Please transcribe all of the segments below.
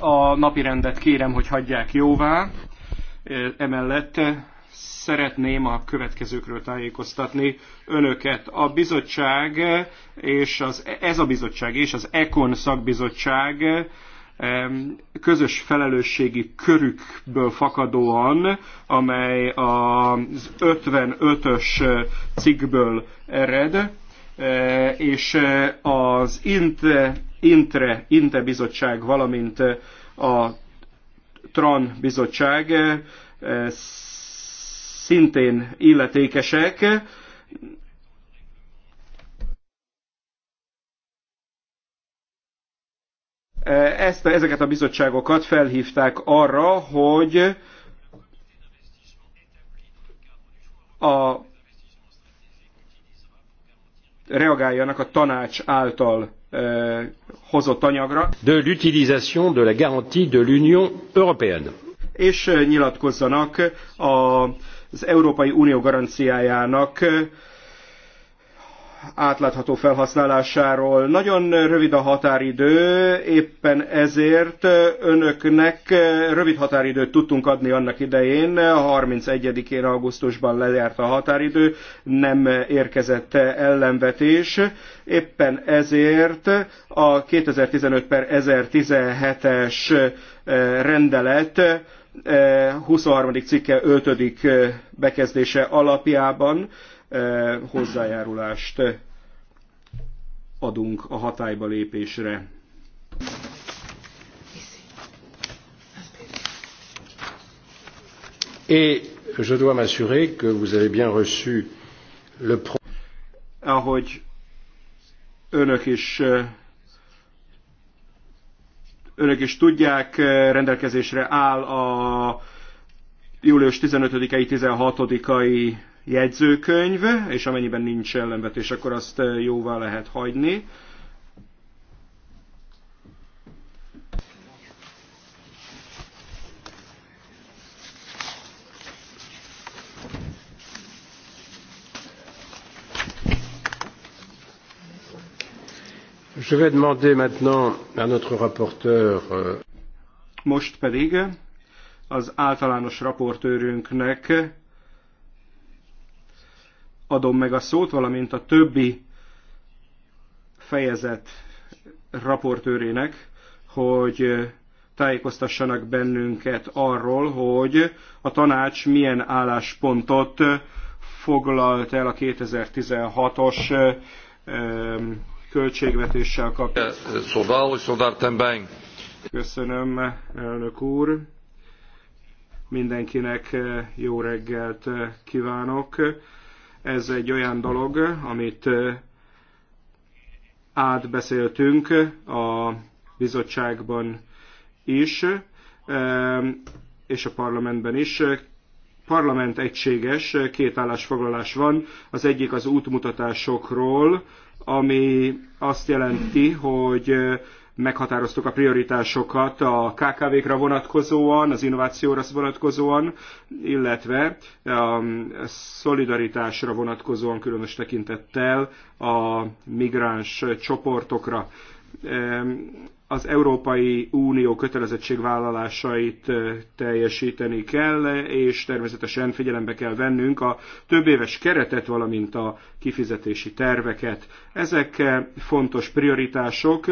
A napirendet kérem, hogy hagyják jóvá. Emellett szeretném a következőkről tájékoztatni önöket. A bizottság és az, e- ez a bizottság és az ECON szakbizottság közös felelősségi körükből fakadóan, amely az 55-ös cikkből ered, e, és az INT Intre, Inte bizottság, valamint a TRAN bizottság szintén illetékesek. Ezt, ezeket a bizottságokat felhívták arra, hogy a reagáljanak a tanács által hozott anyagra. De l'utilisation de la garantie de l'Union européenne. És nyilatkozzanak az Európai Unió garanciájának átlátható felhasználásáról. Nagyon rövid a határidő, éppen ezért önöknek rövid határidőt tudtunk adni annak idején, A 31-én augusztusban lejárt a határidő, nem érkezett ellenvetés. Éppen ezért a 2015 per 1017-es rendelet 23. cikke 5. bekezdése alapjában Eh, hozzájárulást adunk a hatályba lépésre. Et je dois m'assurer que vous avez bien reçu le ahogy önök is eh, önök is tudják, eh, rendelkezésre áll a július 15-i, 16-ai jegyzőkönyv, és amennyiben nincs ellenvetés, akkor azt eh, jóvá lehet hagyni. Je vais demander maintenant à notre rapporteur. Euh, Most pedig az általános raportőrünknek adom meg a szót, valamint a többi fejezet raportőrének, hogy tájékoztassanak bennünket arról, hogy a tanács milyen álláspontot foglalt el a 2016-os költségvetéssel kapcsolatban. Szóval, szóval Köszönöm, elnök úr. Mindenkinek jó reggelt kívánok. Ez egy olyan dolog, amit átbeszéltünk a bizottságban is, és a parlamentben is. Parlament egységes, két állásfoglalás van. Az egyik az útmutatásokról, ami azt jelenti, hogy meghatároztuk a prioritásokat a KKV-kra vonatkozóan, az innovációra vonatkozóan, illetve a szolidaritásra vonatkozóan különös tekintettel a migráns csoportokra az Európai Unió kötelezettségvállalásait teljesíteni kell, és természetesen figyelembe kell vennünk a több éves keretet, valamint a kifizetési terveket. Ezek fontos prioritások,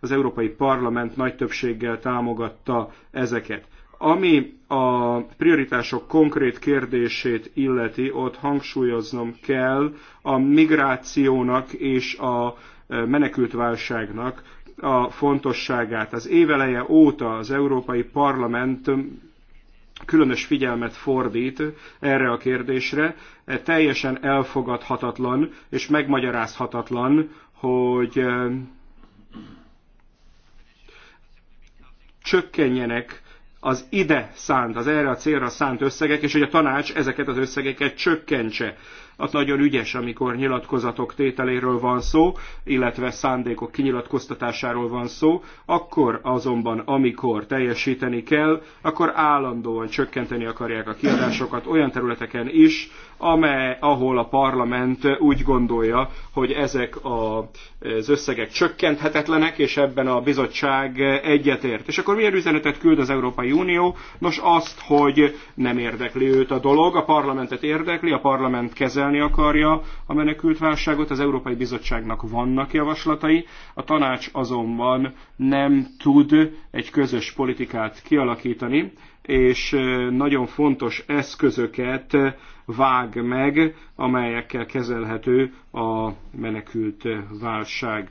az Európai Parlament nagy többséggel támogatta ezeket. Ami a prioritások konkrét kérdését illeti, ott hangsúlyoznom kell a migrációnak és a menekültválságnak a fontosságát. Az éveleje óta az Európai Parlament különös figyelmet fordít erre a kérdésre. E teljesen elfogadhatatlan és megmagyarázhatatlan, hogy e, csökkenjenek az ide szánt, az erre a célra szánt összegek, és hogy a tanács ezeket az összegeket csökkentse az nagyon ügyes, amikor nyilatkozatok tételéről van szó, illetve szándékok kinyilatkoztatásáról van szó, akkor azonban, amikor teljesíteni kell, akkor állandóan csökkenteni akarják a kiadásokat olyan területeken is, amely, ahol a parlament úgy gondolja, hogy ezek a, az összegek csökkenthetetlenek, és ebben a bizottság egyetért. És akkor milyen üzenetet küld az Európai Unió? Nos azt, hogy nem érdekli őt a dolog, a parlamentet érdekli, a parlament kezelni akarja a menekült válságot, az Európai Bizottságnak vannak javaslatai, a tanács azonban nem tud egy közös politikát kialakítani, és nagyon fontos eszközöket vág meg, amelyekkel kezelhető a menekült válság.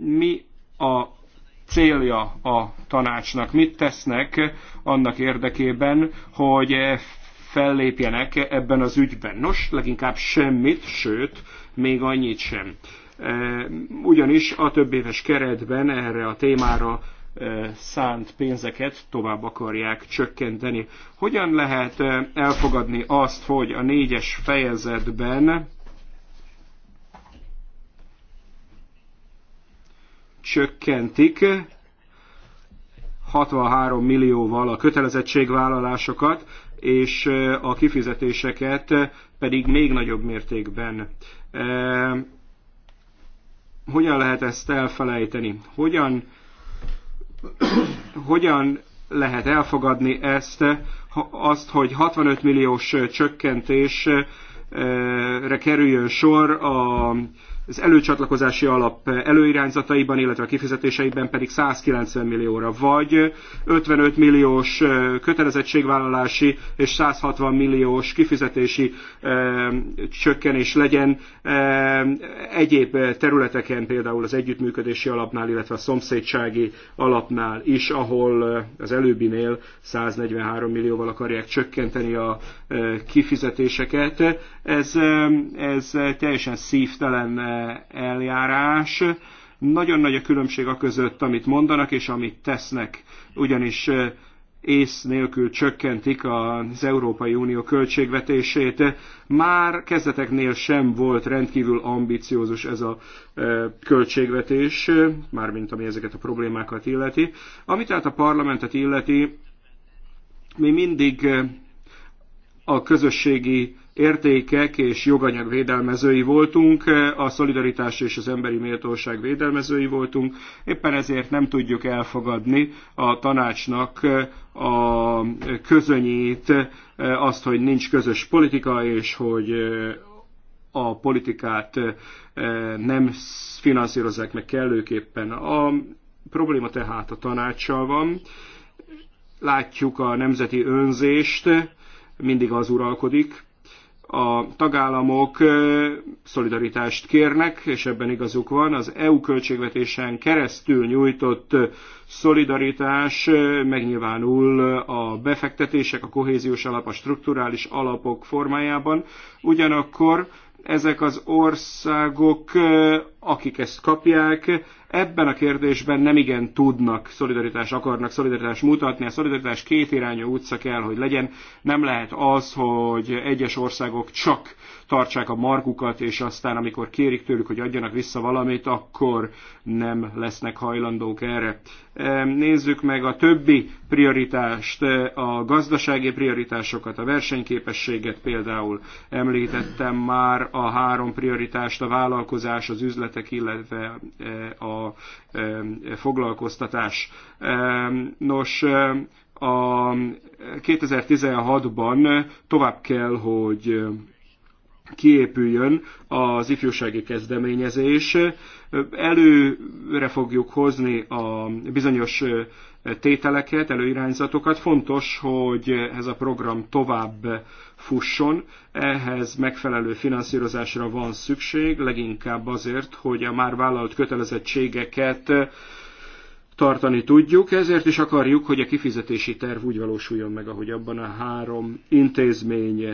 Mi a célja a tanácsnak? Mit tesznek annak érdekében, hogy fellépjenek ebben az ügyben? Nos, leginkább semmit, sőt, még annyit sem ugyanis a több éves keretben erre a témára szánt pénzeket tovább akarják csökkenteni. Hogyan lehet elfogadni azt, hogy a négyes fejezetben csökkentik 63 millióval a kötelezettségvállalásokat, és a kifizetéseket pedig még nagyobb mértékben. Hogyan lehet ezt elfelejteni? Hogyan hogyan lehet elfogadni ezt, azt, hogy 65 milliós csökkentésre eh, eh, kerüljön sor a az előcsatlakozási alap előirányzataiban, illetve a kifizetéseiben pedig 190 millióra, vagy 55 milliós kötelezettségvállalási és 160 milliós kifizetési csökkenés legyen egyéb területeken, például az együttműködési alapnál, illetve a szomszédsági alapnál is, ahol az előbbinél 143 millióval akarják csökkenteni a kifizetéseket. Ez, ez teljesen szívtelen eljárás. Nagyon nagy a különbség a között, amit mondanak és amit tesznek, ugyanis ész nélkül csökkentik az Európai Unió költségvetését. Már kezdeteknél sem volt rendkívül ambiciózus ez a költségvetés, mármint ami ezeket a problémákat illeti. Ami tehát a parlamentet illeti, mi mindig a közösségi értékek és joganyag védelmezői voltunk, a szolidaritás és az emberi méltóság védelmezői voltunk, éppen ezért nem tudjuk elfogadni a tanácsnak a közönyét, azt, hogy nincs közös politika, és hogy a politikát nem finanszírozzák meg kellőképpen. A probléma tehát a tanácssal van. Látjuk a nemzeti önzést, mindig az uralkodik, a tagállamok szolidaritást kérnek, és ebben igazuk van, az EU költségvetésen keresztül nyújtott szolidaritás megnyilvánul a befektetések, a kohéziós alap, a strukturális alapok formájában. Ugyanakkor ezek az országok akik ezt kapják, ebben a kérdésben nem igen tudnak szolidaritást, akarnak szolidaritást mutatni. A szolidaritás kétirányú utca kell, hogy legyen. Nem lehet az, hogy egyes országok csak tartsák a markukat, és aztán amikor kérik tőlük, hogy adjanak vissza valamit, akkor nem lesznek hajlandók erre. Nézzük meg a többi prioritást, a gazdasági prioritásokat, a versenyképességet például említettem már, a három prioritást, a vállalkozás, az üzlet területek, illetve e, a e, foglalkoztatás. E, nos, a 2016-ban tovább kell, hogy kiépüljön az ifjúsági kezdeményezés. Előre fogjuk hozni a bizonyos tételeket, előirányzatokat. Fontos, hogy ez a program tovább fusson. Ehhez megfelelő finanszírozásra van szükség, leginkább azért, hogy a már vállalt kötelezettségeket tartani tudjuk, ezért is akarjuk, hogy a kifizetési terv úgy valósuljon meg, ahogy abban a három intézmény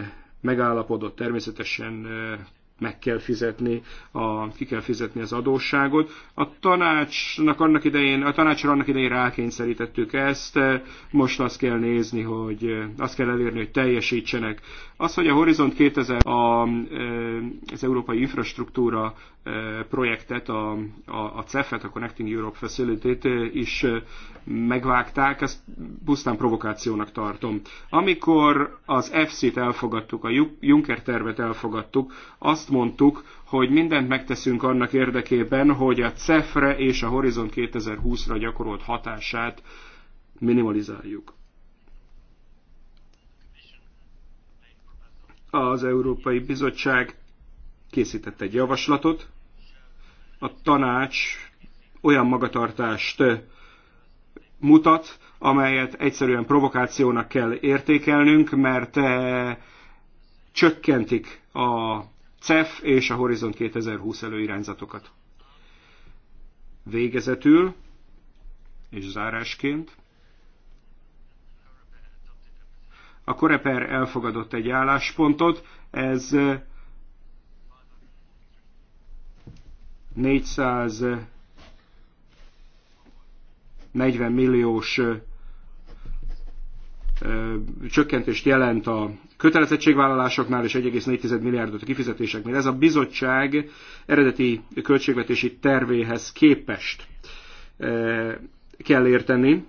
megállapodott természetesen meg kell fizetni, a, ki kell fizetni az adósságot. A tanácsnak annak idején, a tanácsra annak idején rákényszerítettük ezt, most azt kell nézni, hogy azt kell elérni, hogy teljesítsenek. Az, hogy a Horizont 2000 a, az európai infrastruktúra e, projektet, a, a, a CEF-et, a Connecting Europe Facility-t e, is e, megvágták, ezt pusztán provokációnak tartom. Amikor az FC t elfogadtuk, a Juncker tervet elfogadtuk, azt mondtuk, hogy mindent megteszünk annak érdekében, hogy a CEF-re és a Horizon 2020-ra gyakorolt hatását minimalizáljuk. Az Európai Bizottság készített egy javaslatot, a tanács olyan magatartást mutat, amelyet egyszerűen provokációnak kell értékelnünk, mert eh, csökkentik a CEF és a Horizon 2020 előirányzatokat. Végezetül és zárásként a Koreper elfogadott egy álláspontot, ez 440 milliós csökkentést jelent a kötelezettségvállalásoknál és 1,4 milliárdot a kifizetéseknél. Ez a bizottság eredeti költségvetési tervéhez képest eh, kell érteni,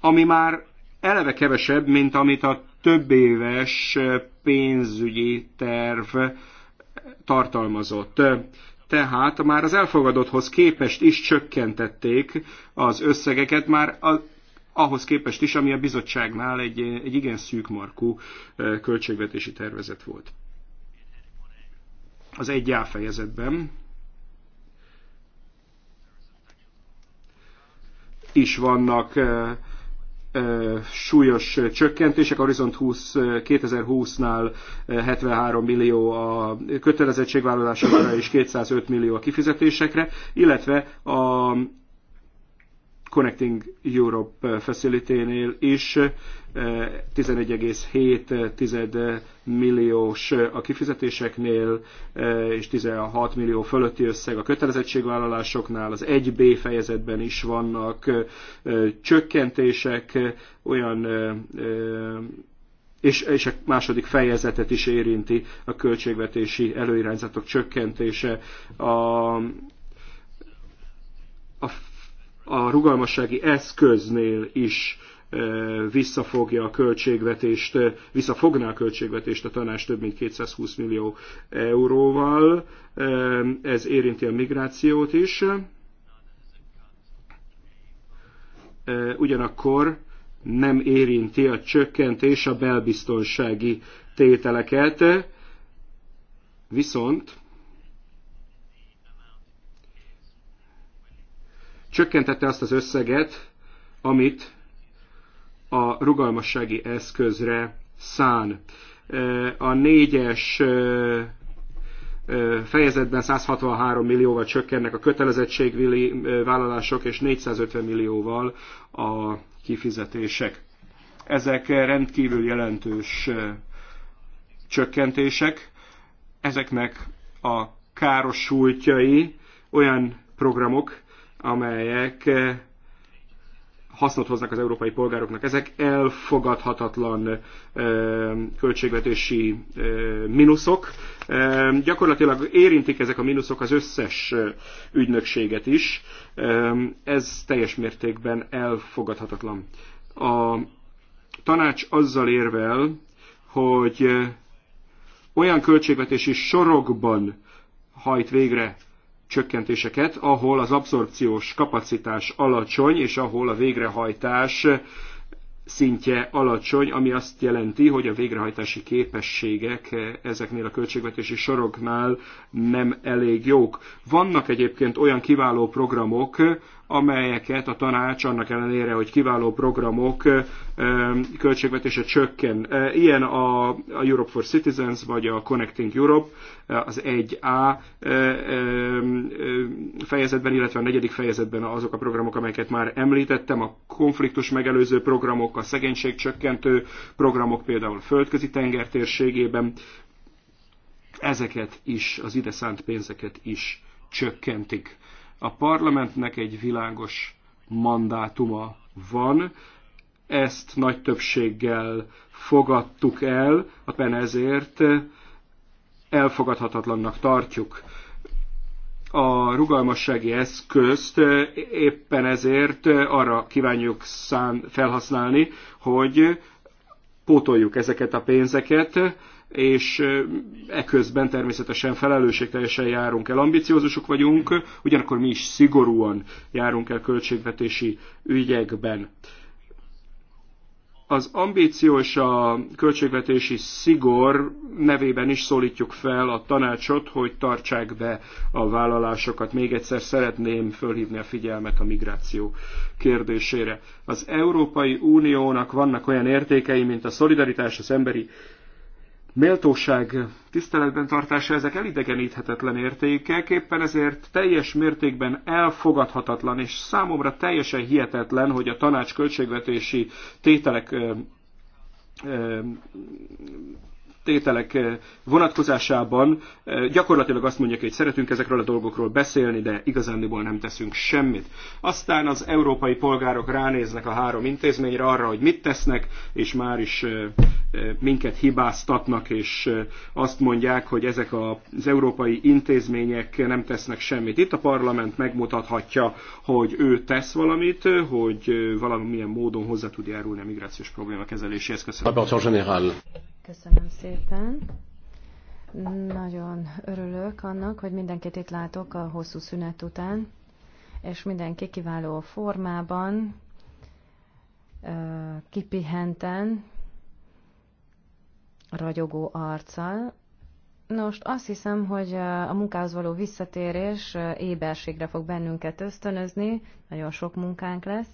ami már eleve kevesebb, mint amit a több éves pénzügyi terv tartalmazott. Tehát már az elfogadotthoz képest is csökkentették az összegeket, már ahhoz képest is, ami a bizottságnál egy, egy igen szűkmarkú e, költségvetési tervezet volt. Az egy A fejezetben is vannak e, e, súlyos csökkentések. A Horizont 20, 2020-nál 73 millió a kötelezettségvállalásokra és 205 millió a kifizetésekre, illetve a Connecting Europe eh, Facility-nél is 11,7 eh, eh, milliós a kifizetéseknél, és 16 millió fölötti összeg a kötelezettségvállalásoknál. Az 1B fejezetben is vannak csökkentések, olyan és, és a második fejezetet is érinti a költségvetési előirányzatok csökkentése. A, a a rugalmassági eszköznél is e, visszafogja a költségvetést, e, visszafogná a költségvetést a tanács több mint 220 millió euróval. E, ez érinti a migrációt is. Ugyanakkor nem érinti a csökkentés a belbiztonsági tételeket, viszont csökkentette azt az összeget, amit a rugalmassági eszközre szán. A négyes fejezetben 163 millióval csökkennek a vállalások, és 450 millióval a kifizetések. Ezek rendkívül jelentős csökkentések. Ezeknek a káros károsultjai olyan programok, amelyek eh, hasznot hoznak az európai polgároknak. Ezek elfogadhatatlan ö, eh, költségvetési ö, eh, mínuszok. Ö, gyakorlatilag érintik ezek a mínuszok az összes ügynökséget is. Ö, ez teljes mértékben elfogadhatatlan. A tanács azzal érvel, hogy olyan költségvetési sorokban hajt végre csökkentéseket, ahol az abszorpciós kapacitás alacsony, és ahol a végrehajtás szintje alacsony, ami azt jelenti, hogy a végrehajtási képességek ezeknél a költségvetési soroknál nem elég jók. Vannak egyébként olyan kiváló programok, amelyeket a tanács annak ellenére, hogy kiváló programok költségvetése csökken. Ilyen a, Europe for Citizens, vagy a Connecting Europe, az 1A fejezetben, illetve a negyedik fejezetben azok a programok, amelyeket már említettem, a konfliktus megelőző programok, a szegénység csökkentő programok, például a földközi tenger térségében, ezeket is, az ide szánt pénzeket is csökkentik. A parlamentnek egy világos mandátuma van, ezt nagy többséggel fogadtuk el, PEN ezért elfogadhatatlannak tartjuk a rugalmassági eszközt éppen ezért arra kívánjuk szán felhasználni, hogy pótoljuk ezeket a pénzeket, és eközben természetesen felelősségteljesen járunk el, ambiciózusok vagyunk, ugyanakkor mi is szigorúan járunk el költségvetési ügyekben. Az ambíció és a költségvetési szigor nevében is szólítjuk fel a tanácsot, hogy tartsák be a vállalásokat. Még egyszer szeretném fölhívni a figyelmet a migráció kérdésére. Az Európai Uniónak vannak olyan értékei, mint a szolidaritás, az emberi méltóság tiszteletben tartása, ezek elidegeníthetetlen értékek, éppen ezért teljes mértékben elfogadhatatlan, és számomra teljesen hihetetlen, hogy a tanács költségvetési tételek tételek vonatkozásában gyakorlatilag azt mondják, hogy szeretünk ezekről a dolgokról beszélni, de igazándiból nem teszünk semmit. Aztán az európai polgárok ránéznek a három intézményre arra, hogy mit tesznek, és már is minket hibáztatnak, és azt mondják, hogy ezek az európai intézmények nem tesznek semmit. Itt a parlament megmutathatja, hogy ő tesz valamit, hogy valamilyen módon hozzá tud járulni a migrációs probléma kezeléséhez. Köszönöm. Köszönöm szépen. Nagyon örülök annak, hogy mindenkit itt látok a hosszú szünet után, és mindenki kiváló formában, kipihenten, ragyogó arccal. Nos, azt hiszem, hogy a munkához való visszatérés éberségre fog bennünket ösztönözni, nagyon sok munkánk lesz,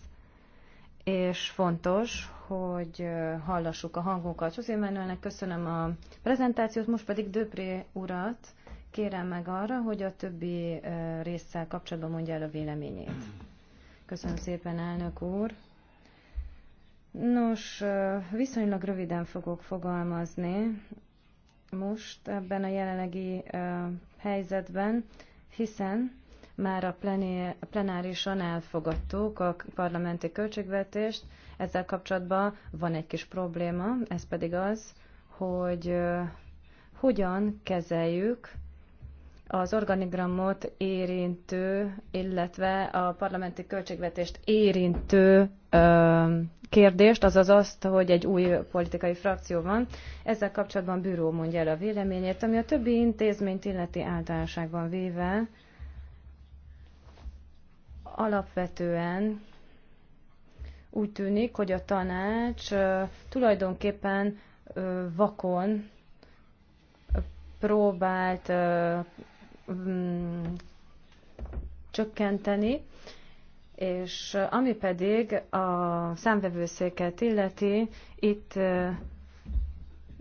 és fontos, hogy hallassuk a hangunkat. José Manuelnek köszönöm a prezentációt, most pedig Döpré urat kérem meg arra, hogy a többi résszel kapcsolatban mondja el a véleményét. Köszönöm szépen, elnök úr! Nos, viszonylag röviden fogok fogalmazni most ebben a jelenlegi helyzetben, hiszen már a plenárison elfogadtuk a parlamenti költségvetést, ezzel kapcsolatban van egy kis probléma, ez pedig az, hogy hogyan kezeljük az organigramot érintő, illetve a parlamenti költségvetést érintő ö, kérdést, azaz azt, hogy egy új politikai frakció van. Ezzel kapcsolatban bűró mondja el a véleményét, ami a többi intézményt illeti általánoságban véve alapvetően úgy tűnik, hogy a tanács ö, tulajdonképpen ö, vakon próbált ö, Mm, csökkenteni, és ami pedig a számvevőszéket illeti, itt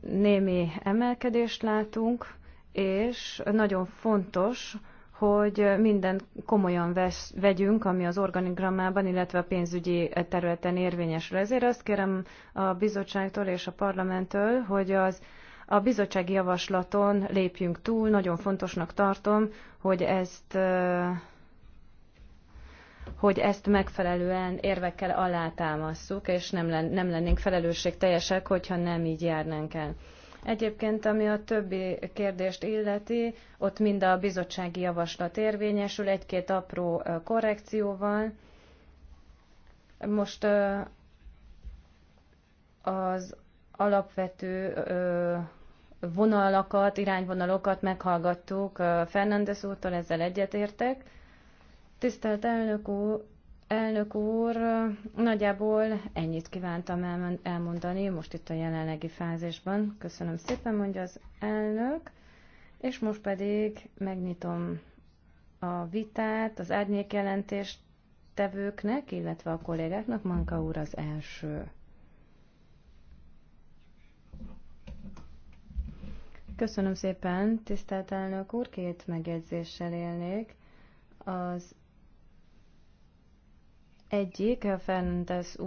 némi emelkedést látunk, és nagyon fontos, hogy minden komolyan vesz, vegyünk, ami az organigrammában, illetve a pénzügyi területen érvényesül. Ezért azt kérem a bizottságtól és a parlamenttől, hogy az a bizottsági javaslaton lépjünk túl, nagyon fontosnak tartom, hogy ezt hogy ezt megfelelően érvekkel alátámasszuk, és nem, len, nem lennénk felelősségteljesek, hogyha nem így járnánk el. Egyébként, ami a többi kérdést illeti, ott mind a bizottsági javaslat érvényesül, egy-két apró korrekcióval. Most az alapvető vonalakat, irányvonalokat meghallgattuk Fernández úrtól, ezzel egyetértek. Tisztelt elnök úr, elnök úr, nagyjából ennyit kívántam elmondani most itt a jelenlegi fázisban. Köszönöm szépen, mondja az elnök, és most pedig megnyitom a vitát az jelentést tevőknek, illetve a kollégáknak. Manka úr az első. Köszönöm szépen, tisztelt elnök úr, két megjegyzéssel élnék. Az egyik a Fernandez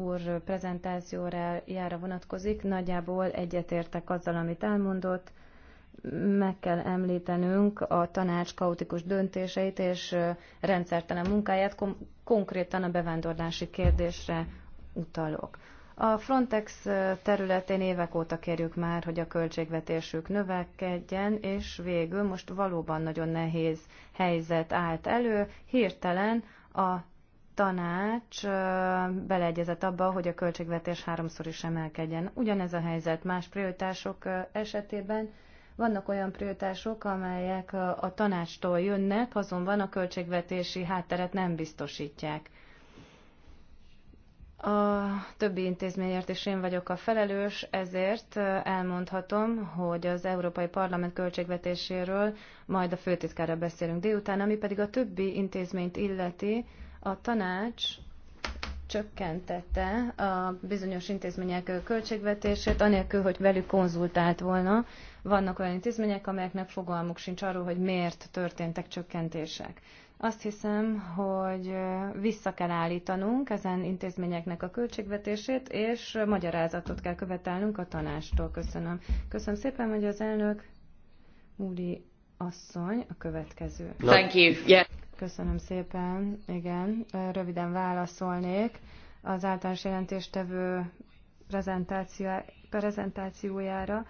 úr jára vonatkozik, nagyjából egyetértek azzal, amit elmondott. Meg kell említenünk a tanács kaotikus döntéseit és rendszertelen munkáját, konkrétan a bevándorlási kérdésre utalok. A Frontex területén évek óta kérjük már, hogy a költségvetésük növekedjen, és végül most valóban nagyon nehéz helyzet állt elő. Hirtelen a tanács beleegyezett abba, hogy a költségvetés háromszor is emelkedjen. Ugyanez a helyzet más prioritások esetében. Vannak olyan prioritások, amelyek a tanácstól jönnek, azonban a költségvetési hátteret nem biztosítják. A többi intézményért is én vagyok a felelős, ezért elmondhatom, hogy az Európai Parlament költségvetéséről majd a főtitkára beszélünk délután, ami pedig a többi intézményt illeti, a tanács csökkentette a bizonyos intézmények költségvetését, anélkül, hogy velük konzultált volna. Vannak olyan intézmények, amelyeknek fogalmuk sincs arról, hogy miért történtek csökkentések. Azt hiszem, hogy vissza kell állítanunk ezen intézményeknek a költségvetését, és magyarázatot kell követelnünk a tanástól. Köszönöm. Köszönöm szépen, hogy az elnök Múli asszony a következő. Thank you. Yeah. Köszönöm szépen. Igen, röviden válaszolnék az általános jelentéstevő prezentációjára.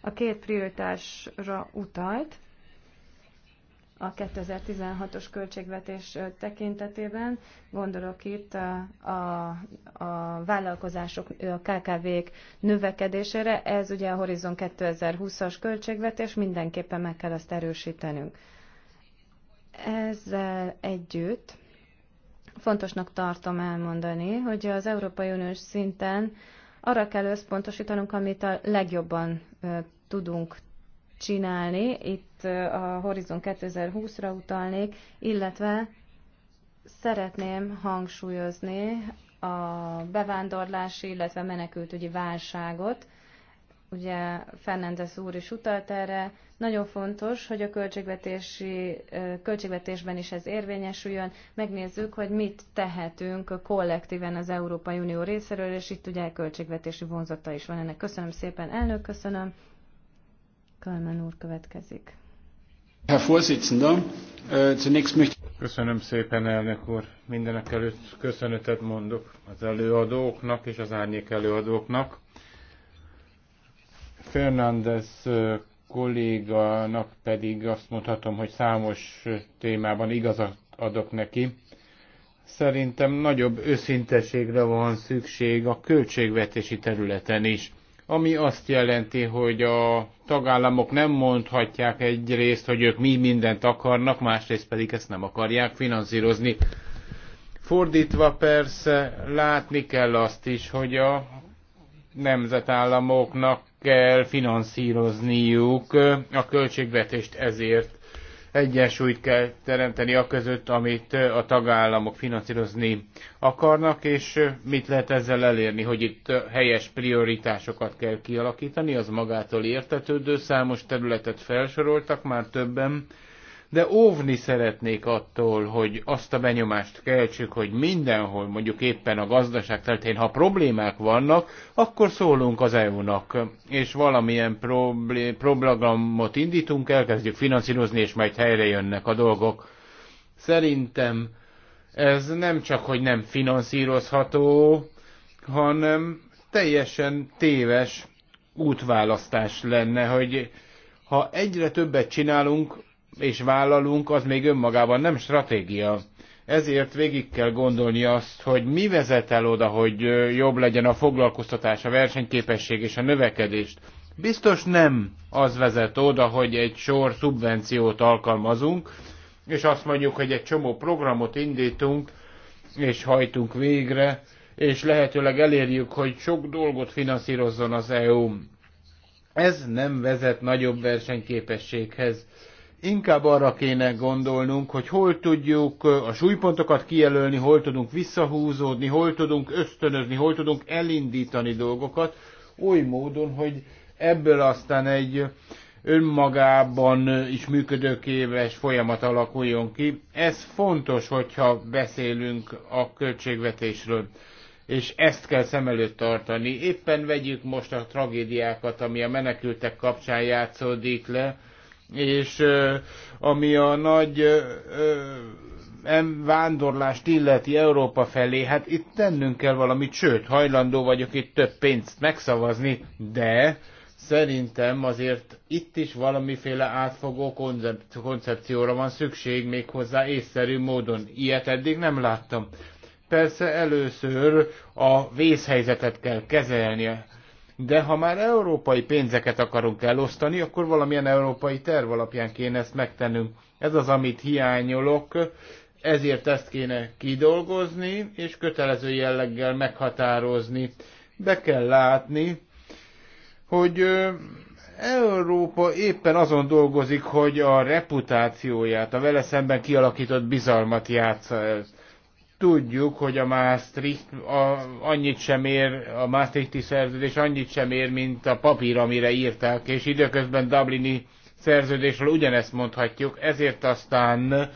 A két prioritásra utalt a 2016-os költségvetés tekintetében. Gondolok itt a, a, a vállalkozások, a KKV-k növekedésére. Ez ugye a Horizon 2020-as költségvetés, mindenképpen meg kell azt erősítenünk. Ezzel együtt fontosnak tartom elmondani, hogy az Európai Uniós szinten arra kell összpontosítanunk, amit a legjobban tudunk csinálni. Itt a Horizon 2020-ra utalnék, illetve szeretném hangsúlyozni a bevándorlási, illetve menekültügyi válságot. Ugye Fernández úr is utalt erre. Nagyon fontos, hogy a költségvetési, költségvetésben is ez érvényesüljön. Megnézzük, hogy mit tehetünk kollektíven az Európai Unió részéről, és itt ugye költségvetési vonzata is van ennek. Köszönöm szépen, elnök, köszönöm. Kalman úr következik. Äh, Köszönöm szépen, elnök úr. Mindenek előtt köszönetet mondok az előadóknak és az árnyék előadóknak. Fernández kolléganak pedig azt mondhatom, hogy számos témában igazat adok neki. Szerintem nagyobb őszinteségre van szükség a költségvetési területen is ami azt jelenti, hogy a tagállamok nem mondhatják egyrészt, hogy ők mi mindent akarnak, másrészt pedig ezt nem akarják finanszírozni. Fordítva persze látni kell azt is, hogy a nemzetállamoknak kell finanszírozniuk a költségvetést ezért egyensúlyt kell teremteni a között, amit a tagállamok finanszírozni akarnak, és mit lehet ezzel elérni, hogy itt helyes prioritásokat kell kialakítani, az magától értetődő, számos területet felsoroltak már többen, de óvni szeretnék attól, hogy azt a benyomást keltsük, hogy mindenhol, mondjuk éppen a gazdaság területén, ha problémák vannak, akkor szólunk az EU-nak, és valamilyen programot indítunk, elkezdjük finanszírozni, és majd helyre jönnek a dolgok. Szerintem ez nem csak, hogy nem finanszírozható, hanem teljesen téves útválasztás lenne, hogy ha egyre többet csinálunk, és vállalunk, az még önmagában nem stratégia. Ezért végig kell gondolni azt, hogy mi vezet el oda, hogy jobb legyen a foglalkoztatás, a versenyképesség és a növekedést. Biztos nem az vezet oda, hogy egy sor szubvenciót alkalmazunk, és azt mondjuk, hogy egy csomó programot indítunk, és hajtunk végre, és lehetőleg elérjük, hogy sok dolgot finanszírozzon az EU. Ez nem vezet nagyobb versenyképességhez. Inkább arra kéne gondolnunk, hogy hol tudjuk a súlypontokat kijelölni, hol tudunk visszahúzódni, hol tudunk ösztönözni, hol tudunk elindítani dolgokat, oly módon, hogy ebből aztán egy önmagában is működőképes folyamat alakuljon ki. Ez fontos, hogyha beszélünk a költségvetésről, és ezt kell szem előtt tartani. Éppen vegyük most a tragédiákat, ami a menekültek kapcsán játszódik le, és ami a nagy vándorlást illeti Európa felé, hát itt tennünk kell valamit, sőt, hajlandó vagyok itt több pénzt megszavazni, de szerintem azért itt is valamiféle átfogó koncepcióra van szükség, méghozzá észszerű módon. Ilyet eddig nem láttam. Persze először a vészhelyzetet kell kezelnie de ha már európai pénzeket akarunk elosztani, akkor valamilyen európai terv alapján kéne ezt megtennünk. Ez az, amit hiányolok, ezért ezt kéne kidolgozni, és kötelező jelleggel meghatározni. Be kell látni, hogy Európa éppen azon dolgozik, hogy a reputációját, a vele szemben kialakított bizalmat játsza el Tudjuk, hogy a Maastricht a, annyit sem ér, a Maastrichti szerződés annyit sem ér, mint a papír, amire írták, és időközben Dublini szerződésről ugyanezt mondhatjuk, ezért aztán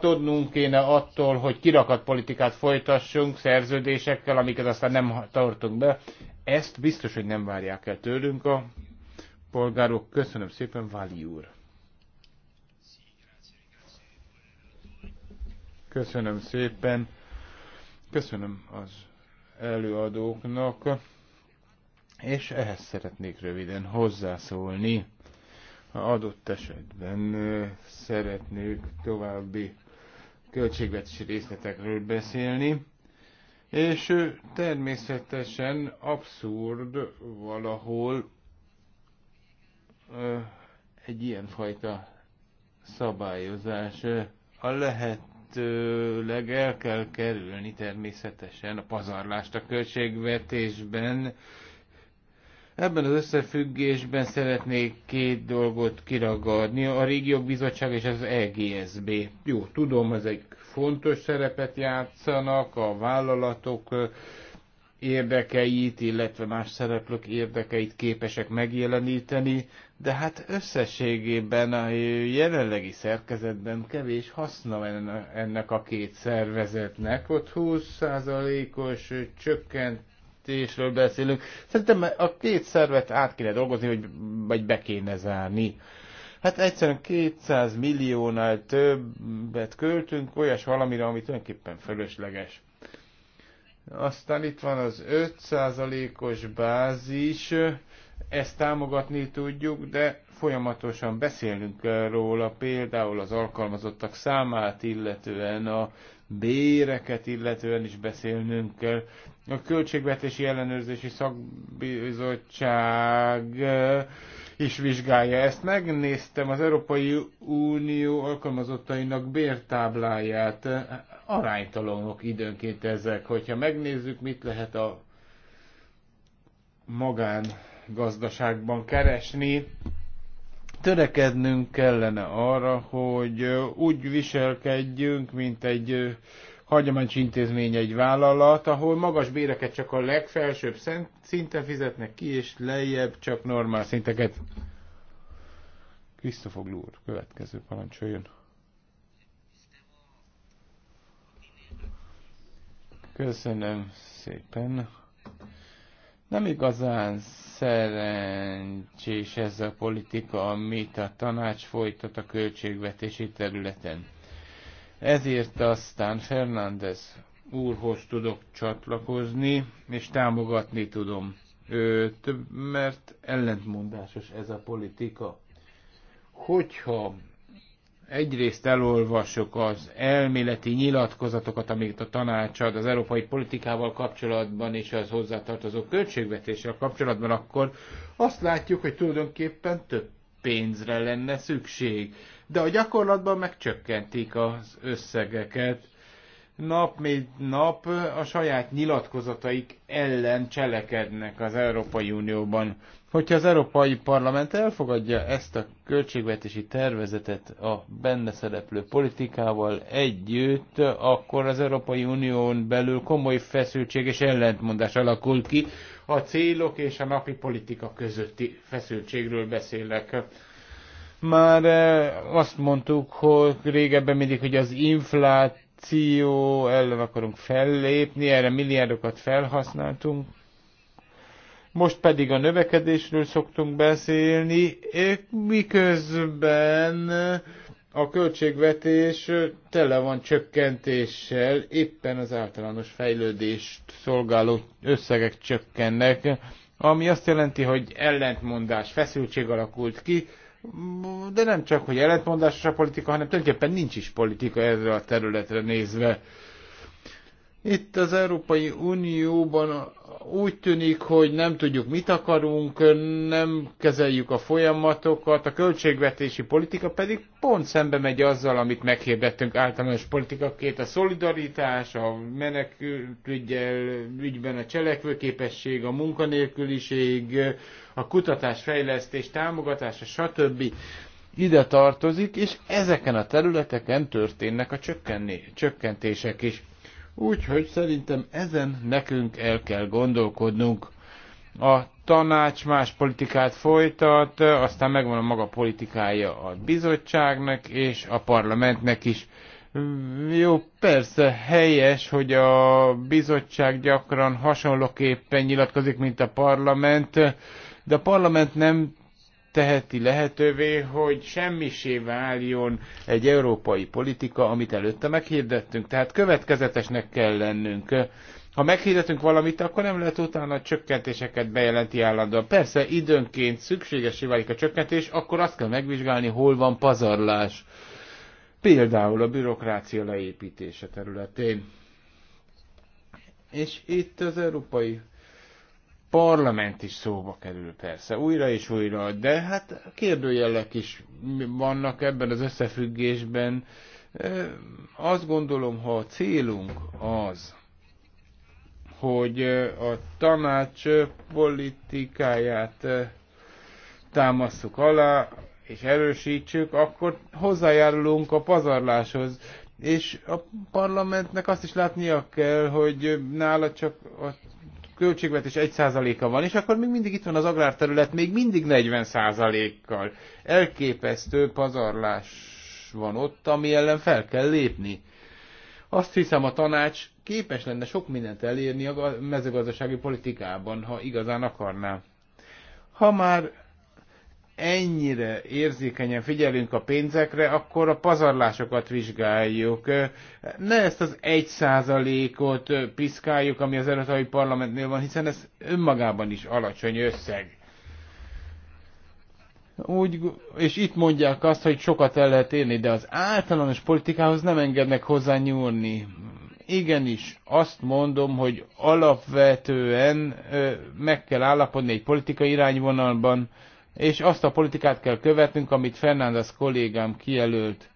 tudnunk kéne attól, hogy kirakat politikát folytassunk szerződésekkel, amiket aztán nem tartunk be. Ezt biztos, hogy nem várják el tőlünk a polgárok. Köszönöm szépen, Váli úr! Köszönöm szépen. Köszönöm az előadóknak, és ehhez szeretnék röviden hozzászólni. Ha adott esetben szeretnék további költségvetési részletekről beszélni, és természetesen abszurd valahol egy ilyenfajta szabályozás a lehet feltételezhetőleg el kell kerülni természetesen a pazarlást a költségvetésben. Ebben az összefüggésben szeretnék két dolgot kiragadni, a Régiók Bizottság és az EGSB. Jó, tudom, ezek fontos szerepet játszanak, a vállalatok érdekeit, illetve más szereplők érdekeit képesek megjeleníteni, de hát összességében a jelenlegi szerkezetben kevés haszna ennek a két szervezetnek. Ott 20%-os csökkentésről beszélünk. Szerintem a két szervet át kéne dolgozni, vagy, vagy be kéne zárni. Hát egyszerűen 200 milliónál többet költünk olyas valamire, ami tulajdonképpen fölösleges. Aztán itt van az 5%-os bázis, ezt támogatni tudjuk, de folyamatosan beszélünk róla, például az alkalmazottak számát illetően, a béreket illetően is beszélnünk kell. A Költségvetési Ellenőrzési Szakbizottság is vizsgálja ezt. Megnéztem az Európai Unió alkalmazottainak bértábláját. Aránytalanok időnként ezek. Hogyha megnézzük, mit lehet a magán gazdaságban keresni. Törekednünk kellene arra, hogy úgy viselkedjünk, mint egy hagyományos intézmény egy vállalat, ahol magas béreket csak a legfelsőbb szinten fizetnek ki, és lejjebb csak normál szinteket. Krisztofog úr, következő parancsoljon. Köszönöm szépen. Nem igazán szerencsés ez a politika, amit a tanács folytat a költségvetési területen. Ezért aztán Fernández úrhoz tudok csatlakozni, és támogatni tudom őt, mert ellentmondásos ez a politika. Hogyha egyrészt elolvasok az elméleti nyilatkozatokat, amiket a tanácsad az európai politikával kapcsolatban és az hozzátartozó költségvetéssel kapcsolatban, akkor azt látjuk, hogy tulajdonképpen több pénzre lenne szükség. De a gyakorlatban megcsökkentik az összegeket. Nap mint nap a saját nyilatkozataik ellen cselekednek az Európai Unióban. Hogyha az Európai Parlament elfogadja ezt a költségvetési tervezetet a benne szereplő politikával együtt, akkor az Európai Unión belül komoly feszültség és ellentmondás alakul ki. A célok és a napi politika közötti feszültségről beszélek. Már eh, azt mondtuk, hogy régebben mindig, hogy az infláció ellen akarunk fellépni, erre milliárdokat felhasználtunk, most pedig a növekedésről szoktunk beszélni, eh, miközben a költségvetés tele van csökkentéssel, éppen az általános fejlődést szolgáló összegek csökkennek, ami azt jelenti, hogy ellentmondás, feszültség alakult ki, de nem csak, hogy ellentmondásos a politika, hanem tulajdonképpen nincs is politika ezzel a területre nézve. Itt az Európai Unióban úgy tűnik, hogy nem tudjuk, mit akarunk, nem kezeljük a folyamatokat, a költségvetési politika pedig pont szembe megy azzal, amit meghirdettünk általános politikaként, a szolidaritás, a menekültügyel ügyben a cselekvőképesség, a munkanélküliség, a kutatás, fejlesztés, támogatása, stb. ide tartozik, és ezeken a területeken történnek a csökkentések is Úgyhogy szerintem ezen nekünk el kell gondolkodnunk. A tanács más politikát folytat, aztán megvan a maga politikája a bizottságnak és a parlamentnek is. Jó, persze, helyes, hogy a bizottság gyakran hasonlóképpen nyilatkozik, mint a parlament, de a parlament nem teheti lehetővé, hogy semmisé váljon egy európai politika, amit előtte meghirdettünk. Tehát következetesnek kell lennünk. Ha meghirdetünk valamit, akkor nem lehet utána csökkentéseket bejelenti állandóan. Persze időnként szükséges válik a csökkentés, akkor azt kell megvizsgálni, hol van pazarlás. Például a bürokrácia leépítése területén. És itt az európai parlament is szóba kerül persze, újra és újra, de hát kérdőjelek is vannak ebben az összefüggésben. Azt gondolom, ha a célunk az, hogy a tanács politikáját támasszuk alá, és erősítsük, akkor hozzájárulunk a pazarláshoz. És a parlamentnek azt is látnia kell, hogy nála csak a költségvetés 1%-a van, és akkor még mindig itt van az agrárterület, még mindig 40%-kal. Elképesztő pazarlás van ott, ami ellen fel kell lépni. Azt hiszem a tanács képes lenne sok mindent elérni a mezőgazdasági politikában, ha igazán akarná. Ha már ennyire érzékenyen figyelünk a pénzekre, akkor a pazarlásokat vizsgáljuk. Ne ezt az egy százalékot piszkáljuk, ami az Európai Parlamentnél van, hiszen ez önmagában is alacsony összeg. Úgy, és itt mondják azt, hogy sokat el lehet érni, de az általános politikához nem engednek hozzá nyúlni igenis azt mondom, hogy alapvetően ö, meg kell állapodni egy politikai irányvonalban, és azt a politikát kell követnünk, amit Fernández kollégám kijelölt.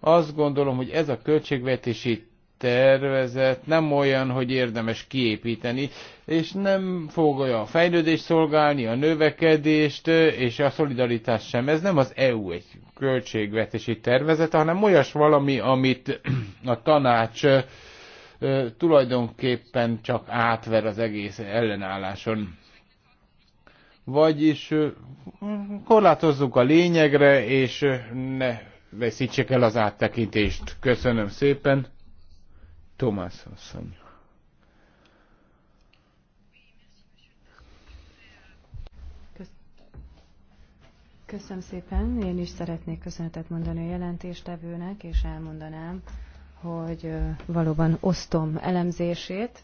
Azt gondolom, hogy ez a költségvetési tervezet nem olyan, hogy érdemes kiépíteni, és nem fogja a fejlődést szolgálni, a növekedést, és a szolidaritást sem. Ez nem az EU egy költségvetési tervezet, hanem olyas valami, amit a tanács tulajdonképpen csak átver az egész ellenálláson. Vagyis korlátozzuk a lényegre, és ne veszítsék el az áttekintést. Köszönöm szépen. Tomás asszony. Köszönöm szépen. Én is szeretnék köszönetet mondani a jelentéstevőnek, és elmondanám, hogy valóban osztom elemzését.